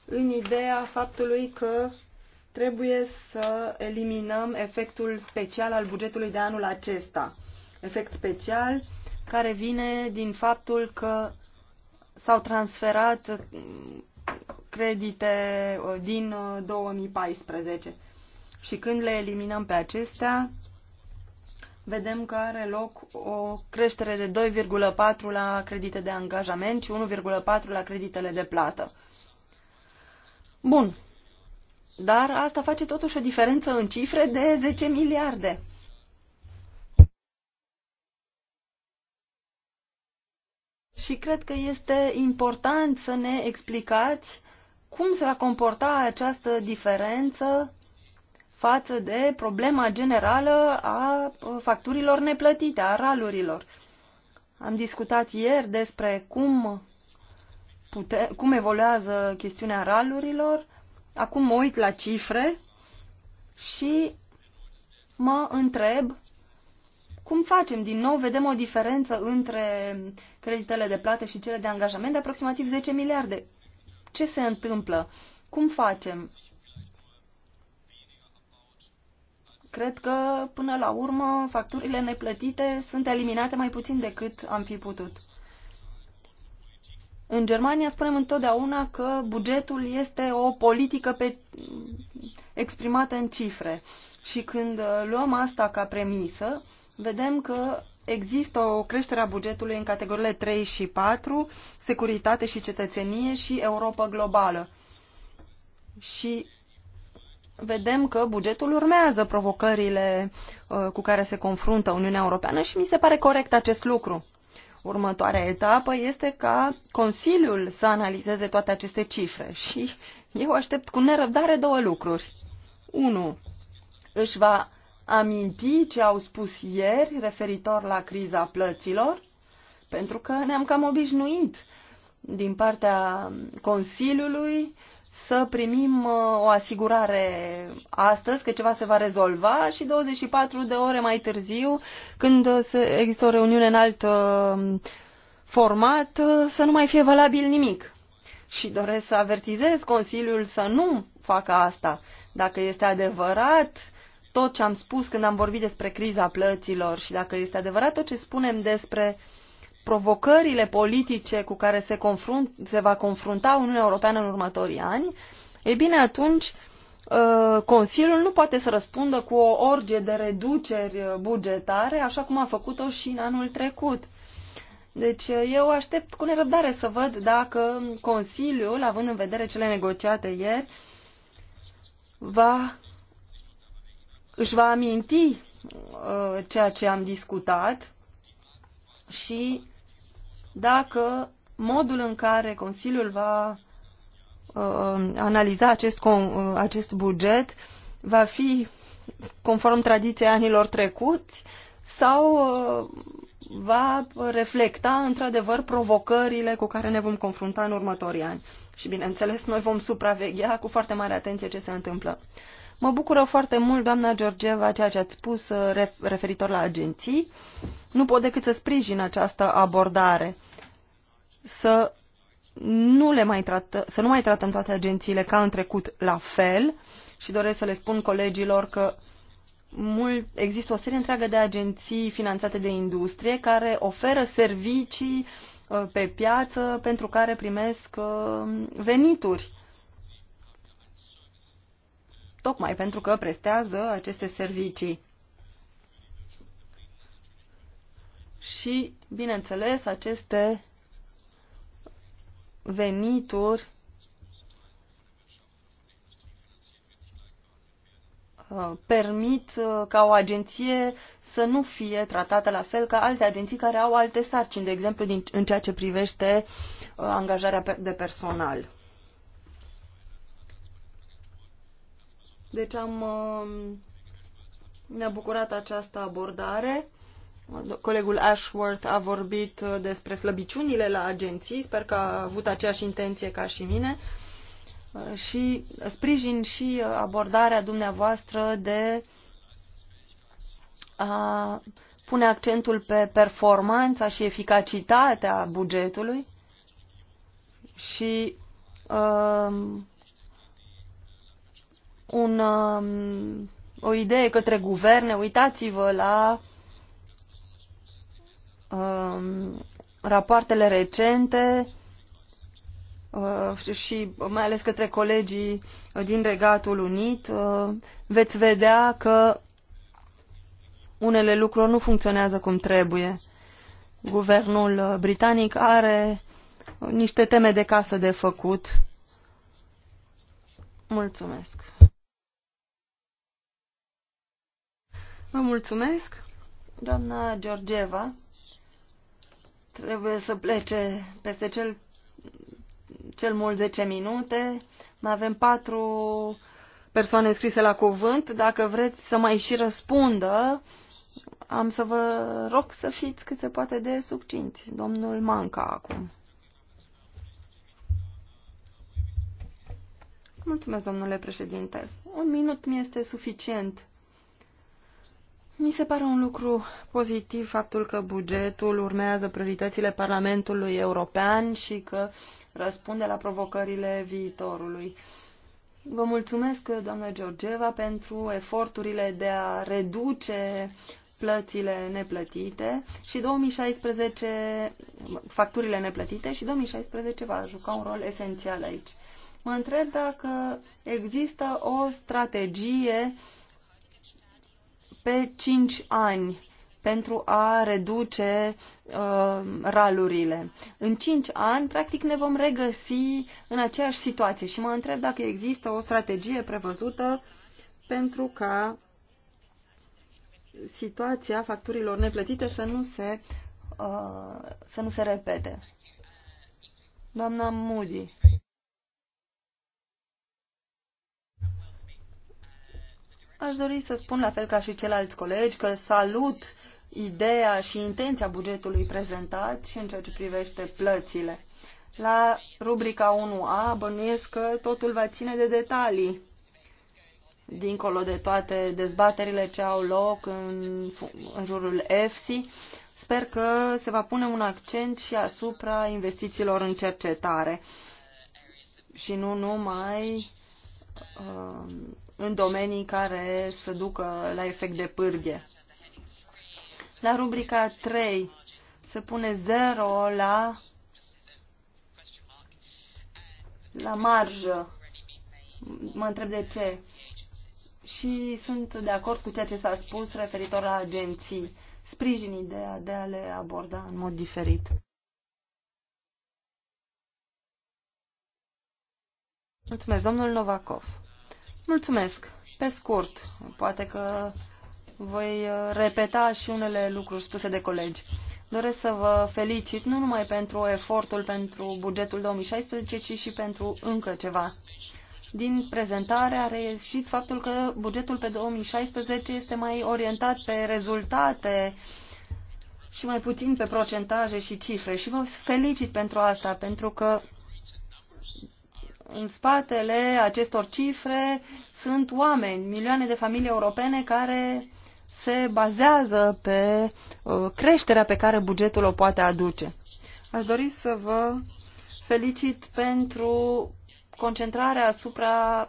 în ideea faptului că trebuie să eliminăm efectul special al bugetului de anul acesta. Efect special care vine din faptul că s-au transferat uh, credite uh, din 2014. Uh, și când le eliminăm pe acestea, vedem că are loc o creștere de 2,4 la credite de angajament și 1,4 la creditele de plată. Bun. Dar asta face totuși o diferență în cifre de 10 miliarde. și cred că este important să ne explicați cum se va comporta această diferență față de problema generală a facturilor neplătite, a ralurilor. Am discutat ieri despre cum, pute, cum evoluează chestiunea ralurilor. Acum mă uit la cifre și mă întreb cum facem. Din nou vedem o diferență între creditele de plată și cele de angajament de aproximativ 10 miliarde. Ce se întâmplă? Cum facem? Cred că, până la urmă, facturile neplătite sunt eliminate mai puțin decât am fi putut. În Germania spunem întotdeauna că bugetul este o politică pe... exprimată în cifre. Și când uh, luăm asta ca premisă, vedem că există o creștere a bugetului în categoriile 3 și 4, securitate și cetățenie și Europa globală. Și vedem că bugetul urmează provocările uh, cu care se confruntă Uniunea Europeană și mi se pare corect acest lucru. Următoarea etapă este ca Consiliul să analizeze toate aceste cifre și eu aștept cu nerăbdare două lucruri. 1. Își va aminti ce au spus ieri referitor la criza plăților, pentru că ne-am cam obișnuit din partea Consiliului să primim uh, o asigurare astăzi că ceva se va rezolva și 24 de ore mai târziu, când există o reuniune în alt uh, format, uh, să nu mai fie valabil nimic. Și doresc să avertizez Consiliul să nu facă asta. Dacă este adevărat tot ce am spus când am vorbit despre criza plăților și dacă este adevărat tot ce spunem despre provocările politice cu care se, confrunt, se va confrunta Uniunea Europeană în următorii ani, e bine atunci uh, Consiliul nu poate să răspundă cu o orge de reduceri bugetare, așa cum a făcut-o și în anul trecut. Deci uh, eu aștept cu nerăbdare să văd dacă Consiliul, având în vedere cele negociate ieri, va își va aminti uh, ceea ce am discutat și dacă modul în care Consiliul va uh, analiza acest, uh, acest buget va fi conform tradiției anilor trecuți sau va reflecta într-adevăr provocările cu care ne vom confrunta în următorii ani. Și bineînțeles, noi vom supraveghea cu foarte mare atenție ce se întâmplă. Mă bucură foarte mult, doamna Georgeva, ceea ce ați spus uh, referitor la agenții. Nu pot decât să sprijin această abordare. Să nu, le mai trată, să nu mai tratăm toate agențiile ca în trecut la fel și doresc să le spun colegilor că mult, există o serie întreagă de agenții finanțate de industrie care oferă servicii uh, pe piață pentru care primesc uh, venituri tocmai pentru că prestează aceste servicii. Și, bineînțeles, aceste venituri uh, permit uh, ca o agenție să nu fie tratată la fel ca alte agenții care au alte sarcini, de exemplu din, în ceea ce privește uh, angajarea de personal. Deci am, um, ne-a bucurat această abordare. Colegul Ashworth a vorbit uh, despre slăbiciunile la agenții, sper că a avut aceeași intenție ca și mine uh, și sprijin și uh, abordarea dumneavoastră de a pune accentul pe performanța și eficacitatea bugetului și um, un, um, o idee către guverne, uitați-vă la um, rapoartele recente uh, și mai ales către colegii din Regatul Unit, uh, veți vedea că unele lucruri nu funcționează cum trebuie. Guvernul britanic are niște teme de casă de făcut. Mulțumesc. Vă mulțumesc. Doamna Georgieva trebuie să plece peste cel, cel mult 10 minute. Mai avem patru persoane înscrise la cuvânt. Dacă vreți să mai și răspundă, am să vă rog să fiți cât se poate de succinți. Domnul Manca acum. Mulțumesc, domnule președinte. Un minut mi este suficient. Mi se pare un lucru pozitiv faptul că bugetul urmează prioritățile Parlamentului European și că răspunde la provocările viitorului. Vă mulțumesc, doamna Georgeva, pentru eforturile de a reduce plățile neplătite și 2016 facturile neplătite și 2016 va juca un rol esențial aici. Mă întreb dacă există o strategie uh, pe 5 ani pentru a reduce uh, ralurile. În 5 ani, practic, ne vom regăsi în aceeași situație și mă întreb dacă există o strategie prevăzută pentru ca situația facturilor neplătite să nu se, uh, să nu se repete. Doamna Moody. Aș dori să spun, la fel ca și ceilalți colegi, că salut ideea și intenția bugetului prezentat și în ceea ce privește plățile. La rubrica 1A bănuiesc că totul va ține de detalii, dincolo de toate dezbaterile ce au loc în, în jurul EFSI. Sper că se va pune un accent și asupra investițiilor în cercetare și nu numai uh, în domenii care să ducă la efect de pârghie. La rubrica 3 se pune 0 la, la marjă. Mă întreb de ce. Și sunt de acord cu ceea ce s-a spus referitor la agenții. Sprijin ideea de a le aborda în mod diferit. Mulțumesc, domnul Novakov. Mulțumesc. Pe scurt, poate că voi uh, repeta și unele lucruri spuse de colegi. Doresc să vă felicit nu numai pentru efortul pentru bugetul 2016, ci și pentru încă ceva. Din prezentare a reieșit faptul că bugetul pe 2016 este mai orientat pe rezultate și mai puțin pe procentaje și cifre. Și vă felicit pentru asta, pentru că în spatele acestor cifre sunt oameni, milioane de familii europene care se bazează pe uh, creșterea pe care bugetul o poate aduce. Aș dori să vă felicit pentru concentrarea asupra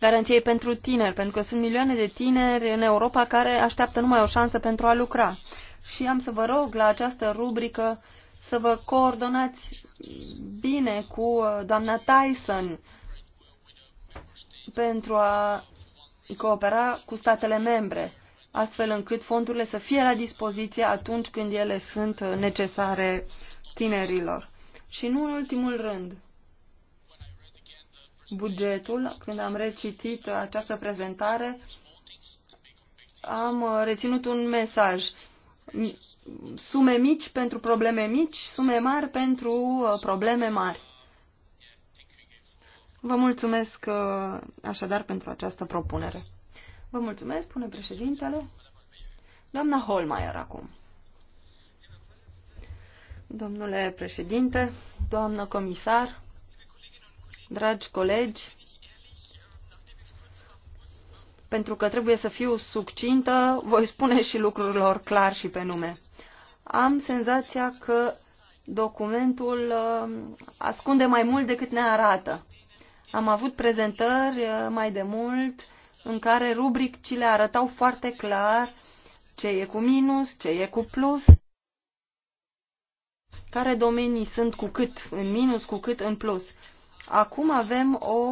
garanției pentru tineri, pentru că sunt milioane de tineri în Europa care așteaptă numai o șansă pentru a lucra. Și am să vă rog la această rubrică să vă coordonați bine cu uh, doamna Tyson pentru a coopera cu statele membre, astfel încât fondurile să fie la dispoziție atunci când ele sunt uh, necesare tinerilor. Și nu în ultimul rând, bugetul, când am recitit această prezentare, am uh, reținut un mesaj sume mici pentru probleme mici, sume mari pentru uh, probleme mari. Vă mulțumesc uh, așadar pentru această propunere. Vă mulțumesc, spune președintele. Doamna Holmeier acum. Domnule președinte, doamnă comisar, dragi colegi, pentru că trebuie să fiu succintă, voi spune și lucrurilor clar și pe nume. Am senzația că documentul uh, ascunde mai mult decât ne arată. Am avut prezentări uh, mai de mult în care rubricile arătau foarte clar ce e cu minus, ce e cu plus, care domenii sunt cu cât în minus, cu cât în plus. Acum avem o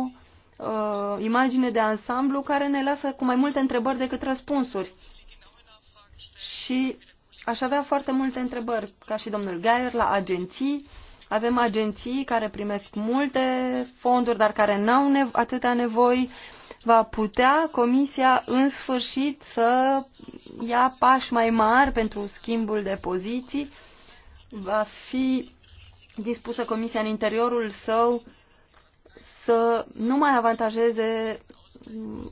uh, imagine de ansamblu care ne lasă cu mai multe întrebări decât răspunsuri. Și aș avea foarte multe întrebări, ca și domnul Geier, la agenții. Avem agenții care primesc multe fonduri, dar care n-au nevo- atâtea nevoi. Va putea Comisia în sfârșit să ia pași mai mari pentru schimbul de poziții? Va fi dispusă Comisia în interiorul său să nu mai avantajeze mm,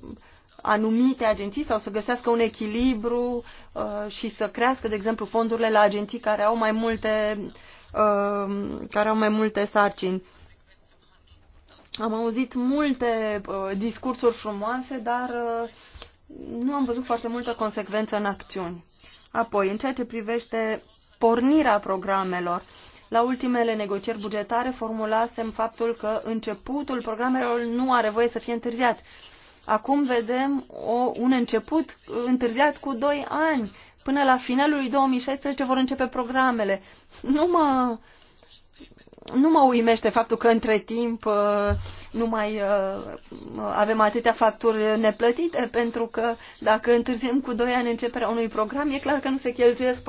anumite agenții sau să găsească un echilibru uh, și să crească, de exemplu, fondurile la agenții care au mai multe, uh, care au mai multe sarcini. Am auzit multe uh, discursuri frumoase, dar nu am văzut foarte multă consecvență în acțiuni. Apoi, în ceea ce privește pornirea programelor, la ultimele negocieri bugetare formulasem faptul că începutul programelor nu are voie să fie întârziat. Acum vedem o, un început întârziat cu doi ani. Până la finalul 2016 vor începe programele. Nu mă, nu mă uimește faptul că între timp uh, nu mai uh, avem atâtea facturi neplătite, pentru că dacă întârziem cu doi ani începerea unui program, e clar că nu se cheltuiesc,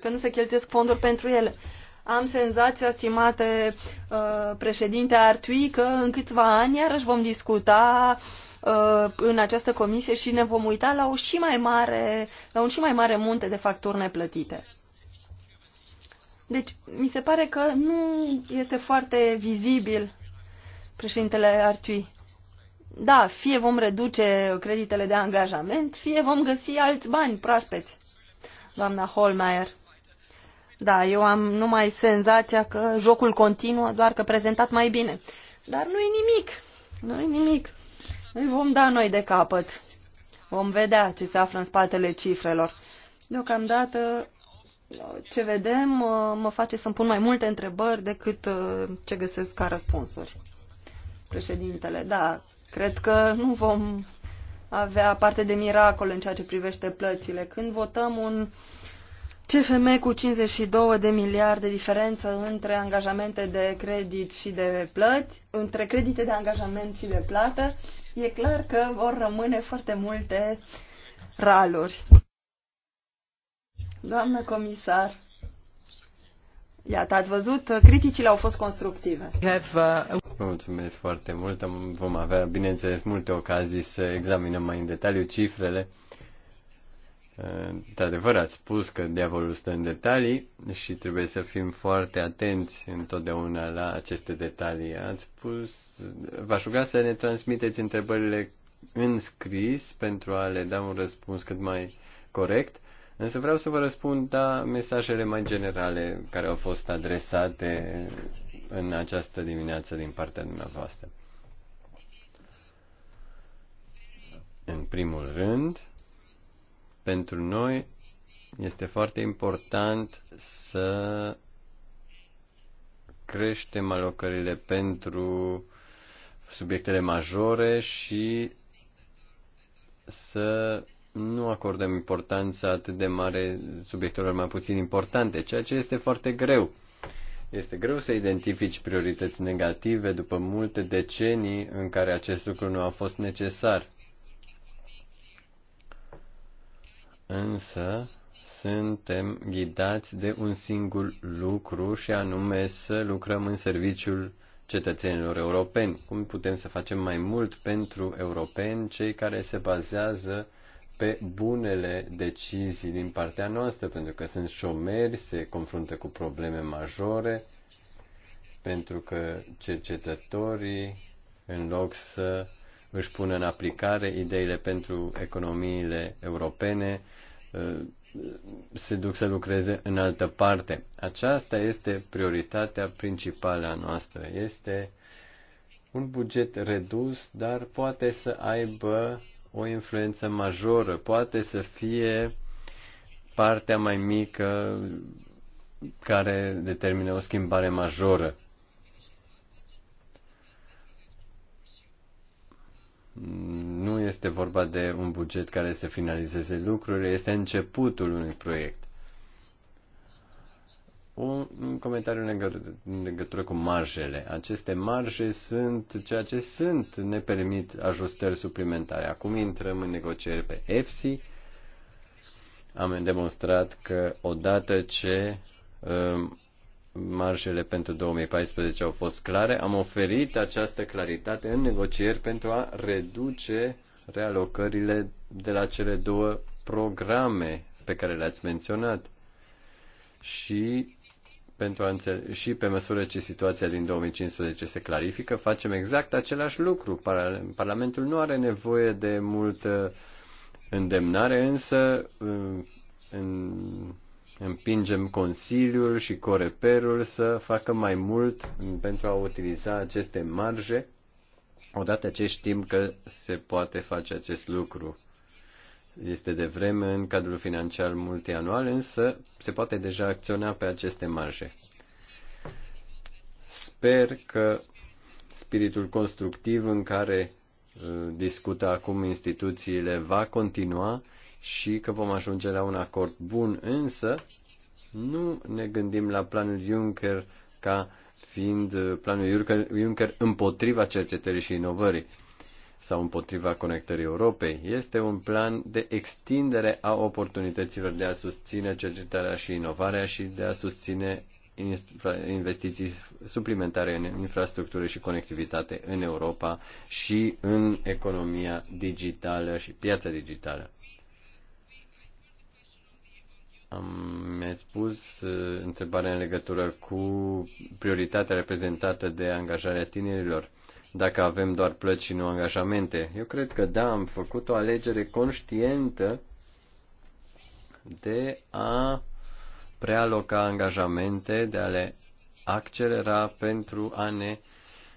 că nu se cheltuiesc fonduri pentru ele. Am senzația, stimate uh, președinte Artui, că în câțiva ani iarăși vom discuta uh, în această comisie și ne vom uita la, o și mai mare, la un și mai mare munte de facturi neplătite. Deci, mi se pare că nu este foarte vizibil președintele Artui. Da, fie vom reduce creditele de angajament, fie vom găsi alți bani proaspeți, doamna Holmeier. Da, eu am numai senzația că jocul continuă, doar că prezentat mai bine. Dar nu e nimic. Nu e nimic. Noi vom da noi de capăt. Vom vedea ce se află în spatele cifrelor. Deocamdată, ce vedem mă face să-mi pun mai multe întrebări decât uh, ce găsesc ca răspunsuri. Președintele, da, cred că nu vom avea parte de miracol în ceea ce privește plățile. Când votăm un CFM cu 52 de miliarde diferență între angajamente de credit și de plăți, între credite de angajament și de plată, e clar că vor rămâne foarte multe raluri. Doamnă comisar, Iată, ați văzut, criticile au fost constructive. Uh, Vă mulțumesc foarte mult. Vom avea, bineînțeles, multe ocazii să examinăm mai în detaliu cifrele. Eh, De adevăr ați spus că diavolul stă în detalii și trebuie să fim foarte atenți întotdeauna la aceste detalii. Ați spus, v-aș ruga să ne transmiteți întrebările în scris pentru a le da un răspuns cât mai corect, însă vreau să vă răspund la mesajele mai generale care au fost adresate în această dimineață din partea dumneavoastră. În primul rând, pentru noi este foarte important să creștem alocările pentru subiectele majore și să nu acordăm importanță atât de mare subiectelor mai puțin importante, ceea ce este foarte greu. Este greu să identifici priorități negative după multe decenii în care acest lucru nu a fost necesar. însă suntem ghidați de un singur lucru și anume să lucrăm în serviciul cetățenilor europeni. Cum putem să facem mai mult pentru europeni, cei care se bazează pe bunele decizii din partea noastră, pentru că sunt șomeri, se confruntă cu probleme majore, pentru că cercetătorii, în loc să își pună în aplicare ideile pentru economiile europene, Uh, se duc să lucreze în altă parte. Aceasta este prioritatea principală a noastră. Este un buget redus, dar poate să aibă o influență majoră, poate să fie partea mai mică care determină o schimbare majoră. Nu este vorba de un buget care să finalizeze lucrurile, este începutul unui proiect. Un comentariu în legătură cu marjele. Aceste marje sunt ceea ce sunt, ne permit ajustări suplimentare. Acum intrăm în negocieri pe EFSI. Am demonstrat că odată ce um, marjele pentru 2014 au fost clare. Am oferit această claritate în negocieri pentru a reduce realocările de la cele două programe pe care le-ați menționat și pentru a înțele- și pe măsură ce situația din 2015 se clarifică, facem exact același lucru. Parlamentul nu are nevoie de multă îndemnare, însă în împingem Consiliul și Coreperul să facă mai mult pentru a utiliza aceste marje, odată ce știm că se poate face acest lucru. Este de vreme în cadrul financiar multianual, însă se poate deja acționa pe aceste marje. Sper că spiritul constructiv în care uh, discută acum instituțiile va continua și că vom ajunge la un acord bun, însă nu ne gândim la planul Juncker ca fiind uh, planul Juncker, Juncker împotriva cercetării și inovării sau împotriva conectării Europei. Este un plan de extindere a oportunităților de a susține cercetarea și inovarea și de a susține investiții suplimentare în infrastructură și conectivitate în Europa și în economia digitală și piața digitală. Am, mi-ai spus uh, întrebarea în legătură cu prioritatea reprezentată de angajarea tinerilor. Dacă avem doar plăci și nu angajamente. Eu cred că da, am făcut o alegere conștientă de a prealoca angajamente, de a le accelera pentru a ne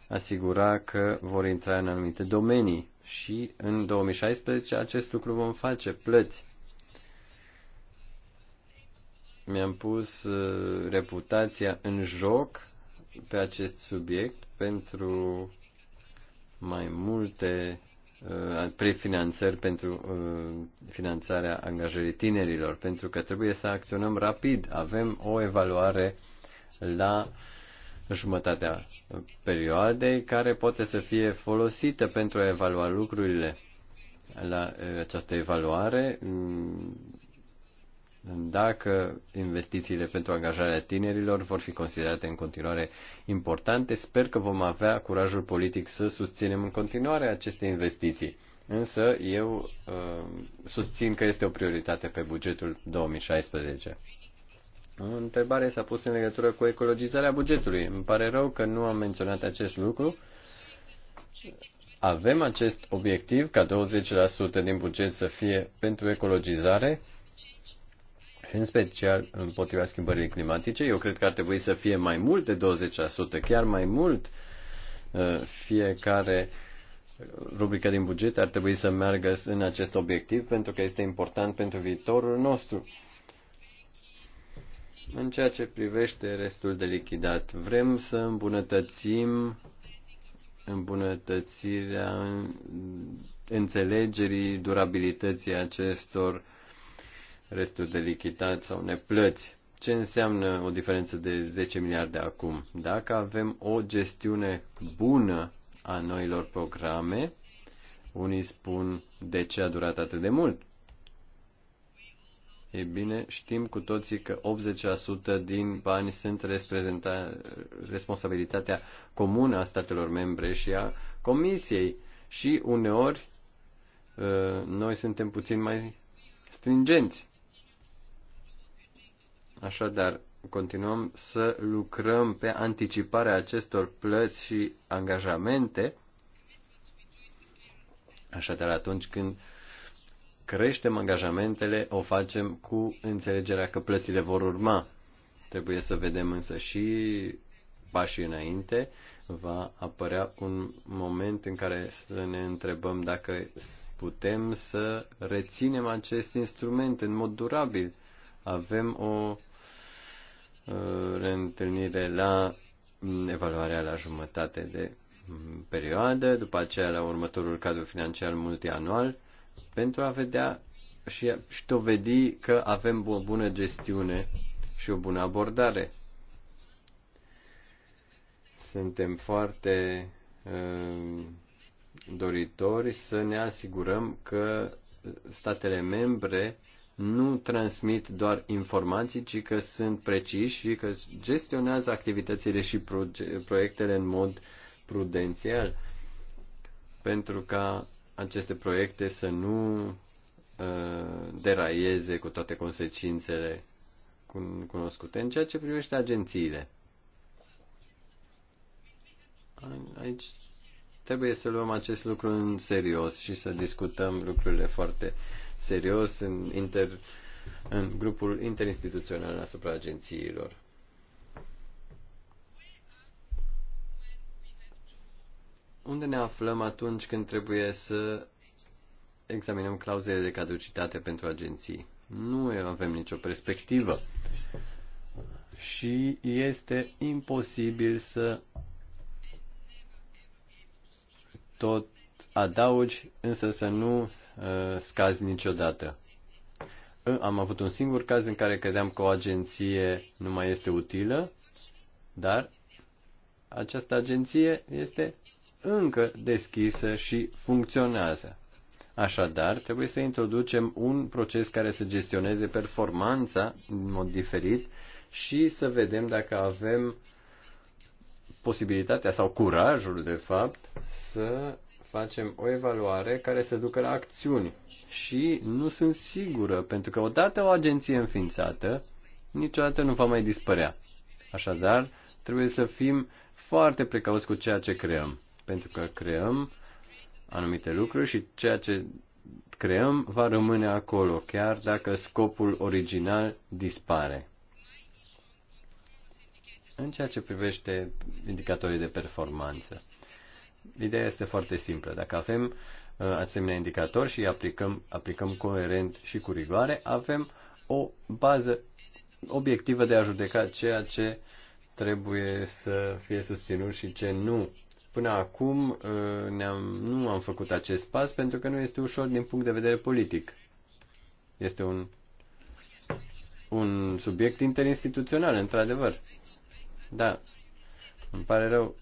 asigura că vor intra în anumite domenii. Și în 2016 acest lucru vom face plăți mi-am pus uh, reputația în joc pe acest subiect pentru mai multe uh, prefinanțări pentru uh, finanțarea angajării tinerilor, pentru că trebuie să acționăm rapid. Avem o evaluare la jumătatea perioadei care poate să fie folosită pentru a evalua lucrurile. La această evaluare mm, dacă investițiile pentru angajarea tinerilor vor fi considerate în continuare importante, sper că vom avea curajul politic să susținem în continuare aceste investiții. Însă eu uh, susțin că este o prioritate pe bugetul 2016. O întrebare s-a pus în legătură cu ecologizarea bugetului. Îmi pare rău că nu am menționat acest lucru. Avem acest obiectiv ca 20% din buget să fie pentru ecologizare în special împotriva schimbării climatice. Eu cred că ar trebui să fie mai mult de 20%, chiar mai mult uh, fiecare rubrică din buget ar trebui să meargă în acest obiectiv pentru că este important pentru viitorul nostru. În ceea ce privește restul de lichidat, vrem să îmbunătățim îmbunătățirea înțelegerii durabilității acestor uh, restul de lichidat sau neplăți. Ce înseamnă o diferență de 10 miliarde acum? Dacă avem o gestiune bună a noilor programe, unii spun de ce a durat atât de mult. E bine, știm cu toții că 80% din bani sunt responsabilitatea comună a statelor membre și a Comisiei și uneori uh, noi suntem puțin mai stringenți. Așadar, continuăm să lucrăm pe anticiparea acestor plăți și angajamente. Așadar, atunci când creștem angajamentele, o facem cu înțelegerea că plățile vor urma. Trebuie să vedem însă și pașii înainte. Va apărea un moment în care să ne întrebăm dacă putem să reținem acest instrument în mod durabil. Avem o Uh, reîntâlnire la mm, evaluarea la jumătate de mm, perioadă, după aceea la următorul cadru financiar multianual, pentru a vedea și, și dovedi că avem o bună gestiune și o bună abordare. Suntem foarte uh, doritori să ne asigurăm că statele membre uh, nu transmit doar informații, ci că sunt preciși și că gestionează activitățile și proiectele în mod prudențial pentru ca aceste proiecte să nu uh, deraieze cu toate consecințele cunoscute în ceea ce privește agențiile. Aici trebuie să luăm acest lucru în serios și să discutăm lucrurile foarte uh, serios în, inter, în grupul interinstituțional asupra agențiilor. Unde ne aflăm atunci când trebuie să examinăm clauzele de caducitate pentru agenții? Nu avem nicio perspectivă și este imposibil să tot adaugi, însă să nu uh, scazi niciodată. Ă, am avut un singur caz în care credeam că o agenție nu mai este utilă, dar această agenție este încă deschisă și funcționează. Așadar, trebuie să introducem un proces care să gestioneze performanța în mod diferit și să vedem dacă avem posibilitatea sau curajul, de fapt, să facem o evaluare care să ducă la acțiuni. Și nu sunt sigură, pentru că odată o agenție înființată, niciodată nu va mai dispărea. Așadar, trebuie să fim foarte precauți cu ceea ce creăm, pentru că creăm anumite lucruri și ceea ce creăm va rămâne acolo, chiar dacă scopul original dispare. În ceea ce privește indicatorii de performanță. Ideea este foarte simplă. Dacă avem uh, asemenea indicatori și aplicăm, aplicăm coerent și cu rigoare, avem o bază obiectivă de a judeca ceea ce trebuie să fie susținut și ce nu. Până acum uh, ne-am, nu am făcut acest pas pentru că nu este ușor din punct de vedere politic. Este un, un subiect interinstituțional, într-adevăr. Da, îmi pare rău,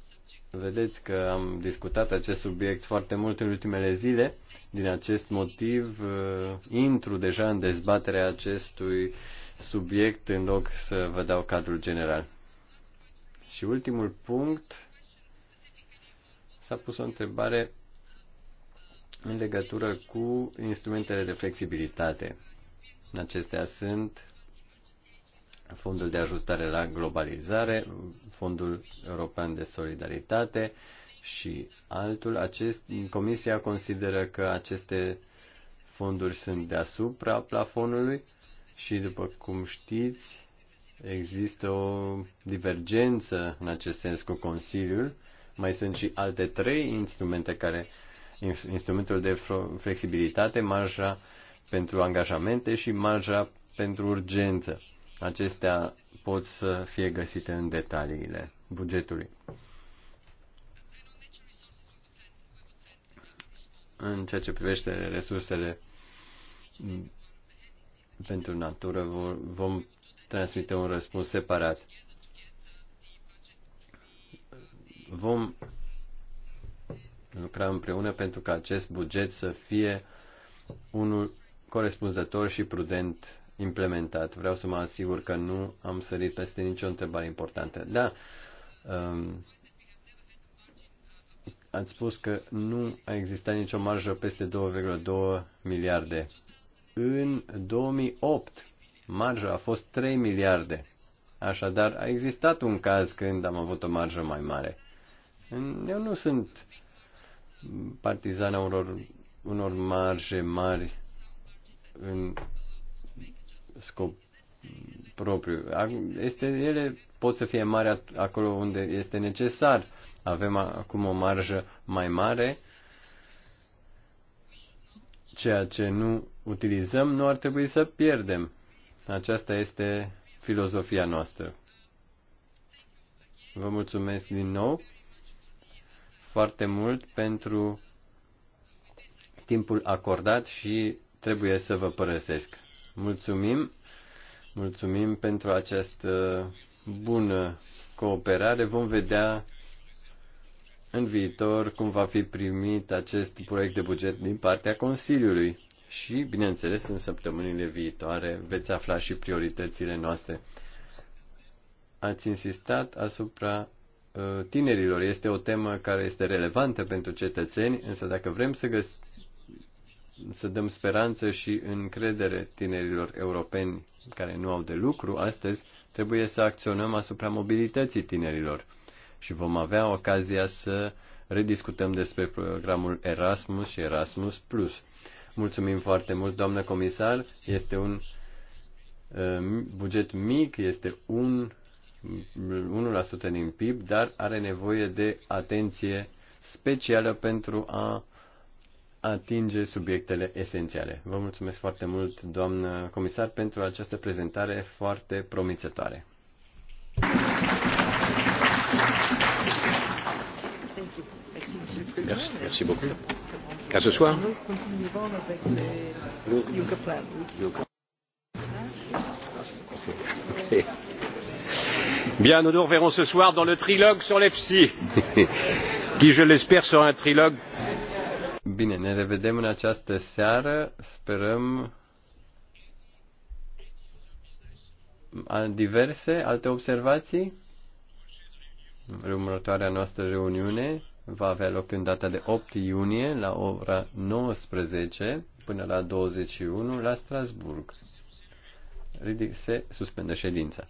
Vedeți că am discutat acest subiect foarte mult în ultimele zile. Din acest motiv, uh, intru deja în dezbaterea acestui subiect în loc să vă dau cadrul general. Și ultimul punct, s-a pus o întrebare în legătură cu instrumentele de flexibilitate. Acestea sunt Fondul de ajustare la globalizare, Fondul European de Solidaritate și altul. Acest, comisia consideră că aceste fonduri sunt deasupra plafonului și, după cum știți, există o divergență în acest sens cu Consiliul. Mai sunt și alte trei instrumente care instrumentul de flexibilitate, marja pentru angajamente și marja pentru urgență. Acestea pot să fie găsite în detaliile bugetului. În ceea ce privește resursele pentru natură, vom transmite un răspuns separat. Vom lucra împreună pentru ca acest buget să fie unul corespunzător și prudent implementat. Vreau să mă asigur că nu am sărit peste nicio întrebare importantă. Da, um, ați spus că nu a existat nicio marjă peste 2,2 miliarde. În 2008, marja a fost 3 miliarde. Așadar, a existat un caz când am avut o marjă mai mare. Eu nu sunt partizana unor, unor marje mari în scop propriu. Este, ele pot să fie mari acolo unde este necesar. Avem acum o marjă mai mare. Ceea ce nu utilizăm nu ar trebui să pierdem. Aceasta este filozofia noastră. Vă mulțumesc din nou foarte mult pentru timpul acordat și trebuie să vă părăsesc. Mulțumim. Mulțumim pentru această bună cooperare. Vom vedea în viitor cum va fi primit acest proiect de buget din partea Consiliului. Și, bineînțeles, în săptămânile viitoare veți afla și prioritățile noastre. Ați insistat asupra uh, tinerilor. Este o temă care este relevantă pentru cetățeni, însă dacă vrem să găsim să dăm speranță și încredere tinerilor europeni care nu au de lucru, astăzi trebuie să acționăm asupra mobilității tinerilor și vom avea ocazia să rediscutăm despre programul Erasmus și Erasmus Plus. Mulțumim foarte mult, doamnă comisar. Este un uh, buget mic, este un 1% din PIB, dar are nevoie de atenție specială pentru a atinge subiectele esențiale. Vă mulțumesc foarte mult, doamnă comisar, pentru această prezentare foarte promițătoare. Merci, beaucoup. À ce soir. Bien, nous nous reverrons ce soir dans le trilogue sur l'EFSI, qui, je l'espère, sera un trilogue Bine, ne revedem în această seară. Sperăm diverse alte observații. Următoarea noastră reuniune va avea loc în data de 8 iunie la ora 19 până la 21 la Strasburg. Ridic, se suspendă ședința.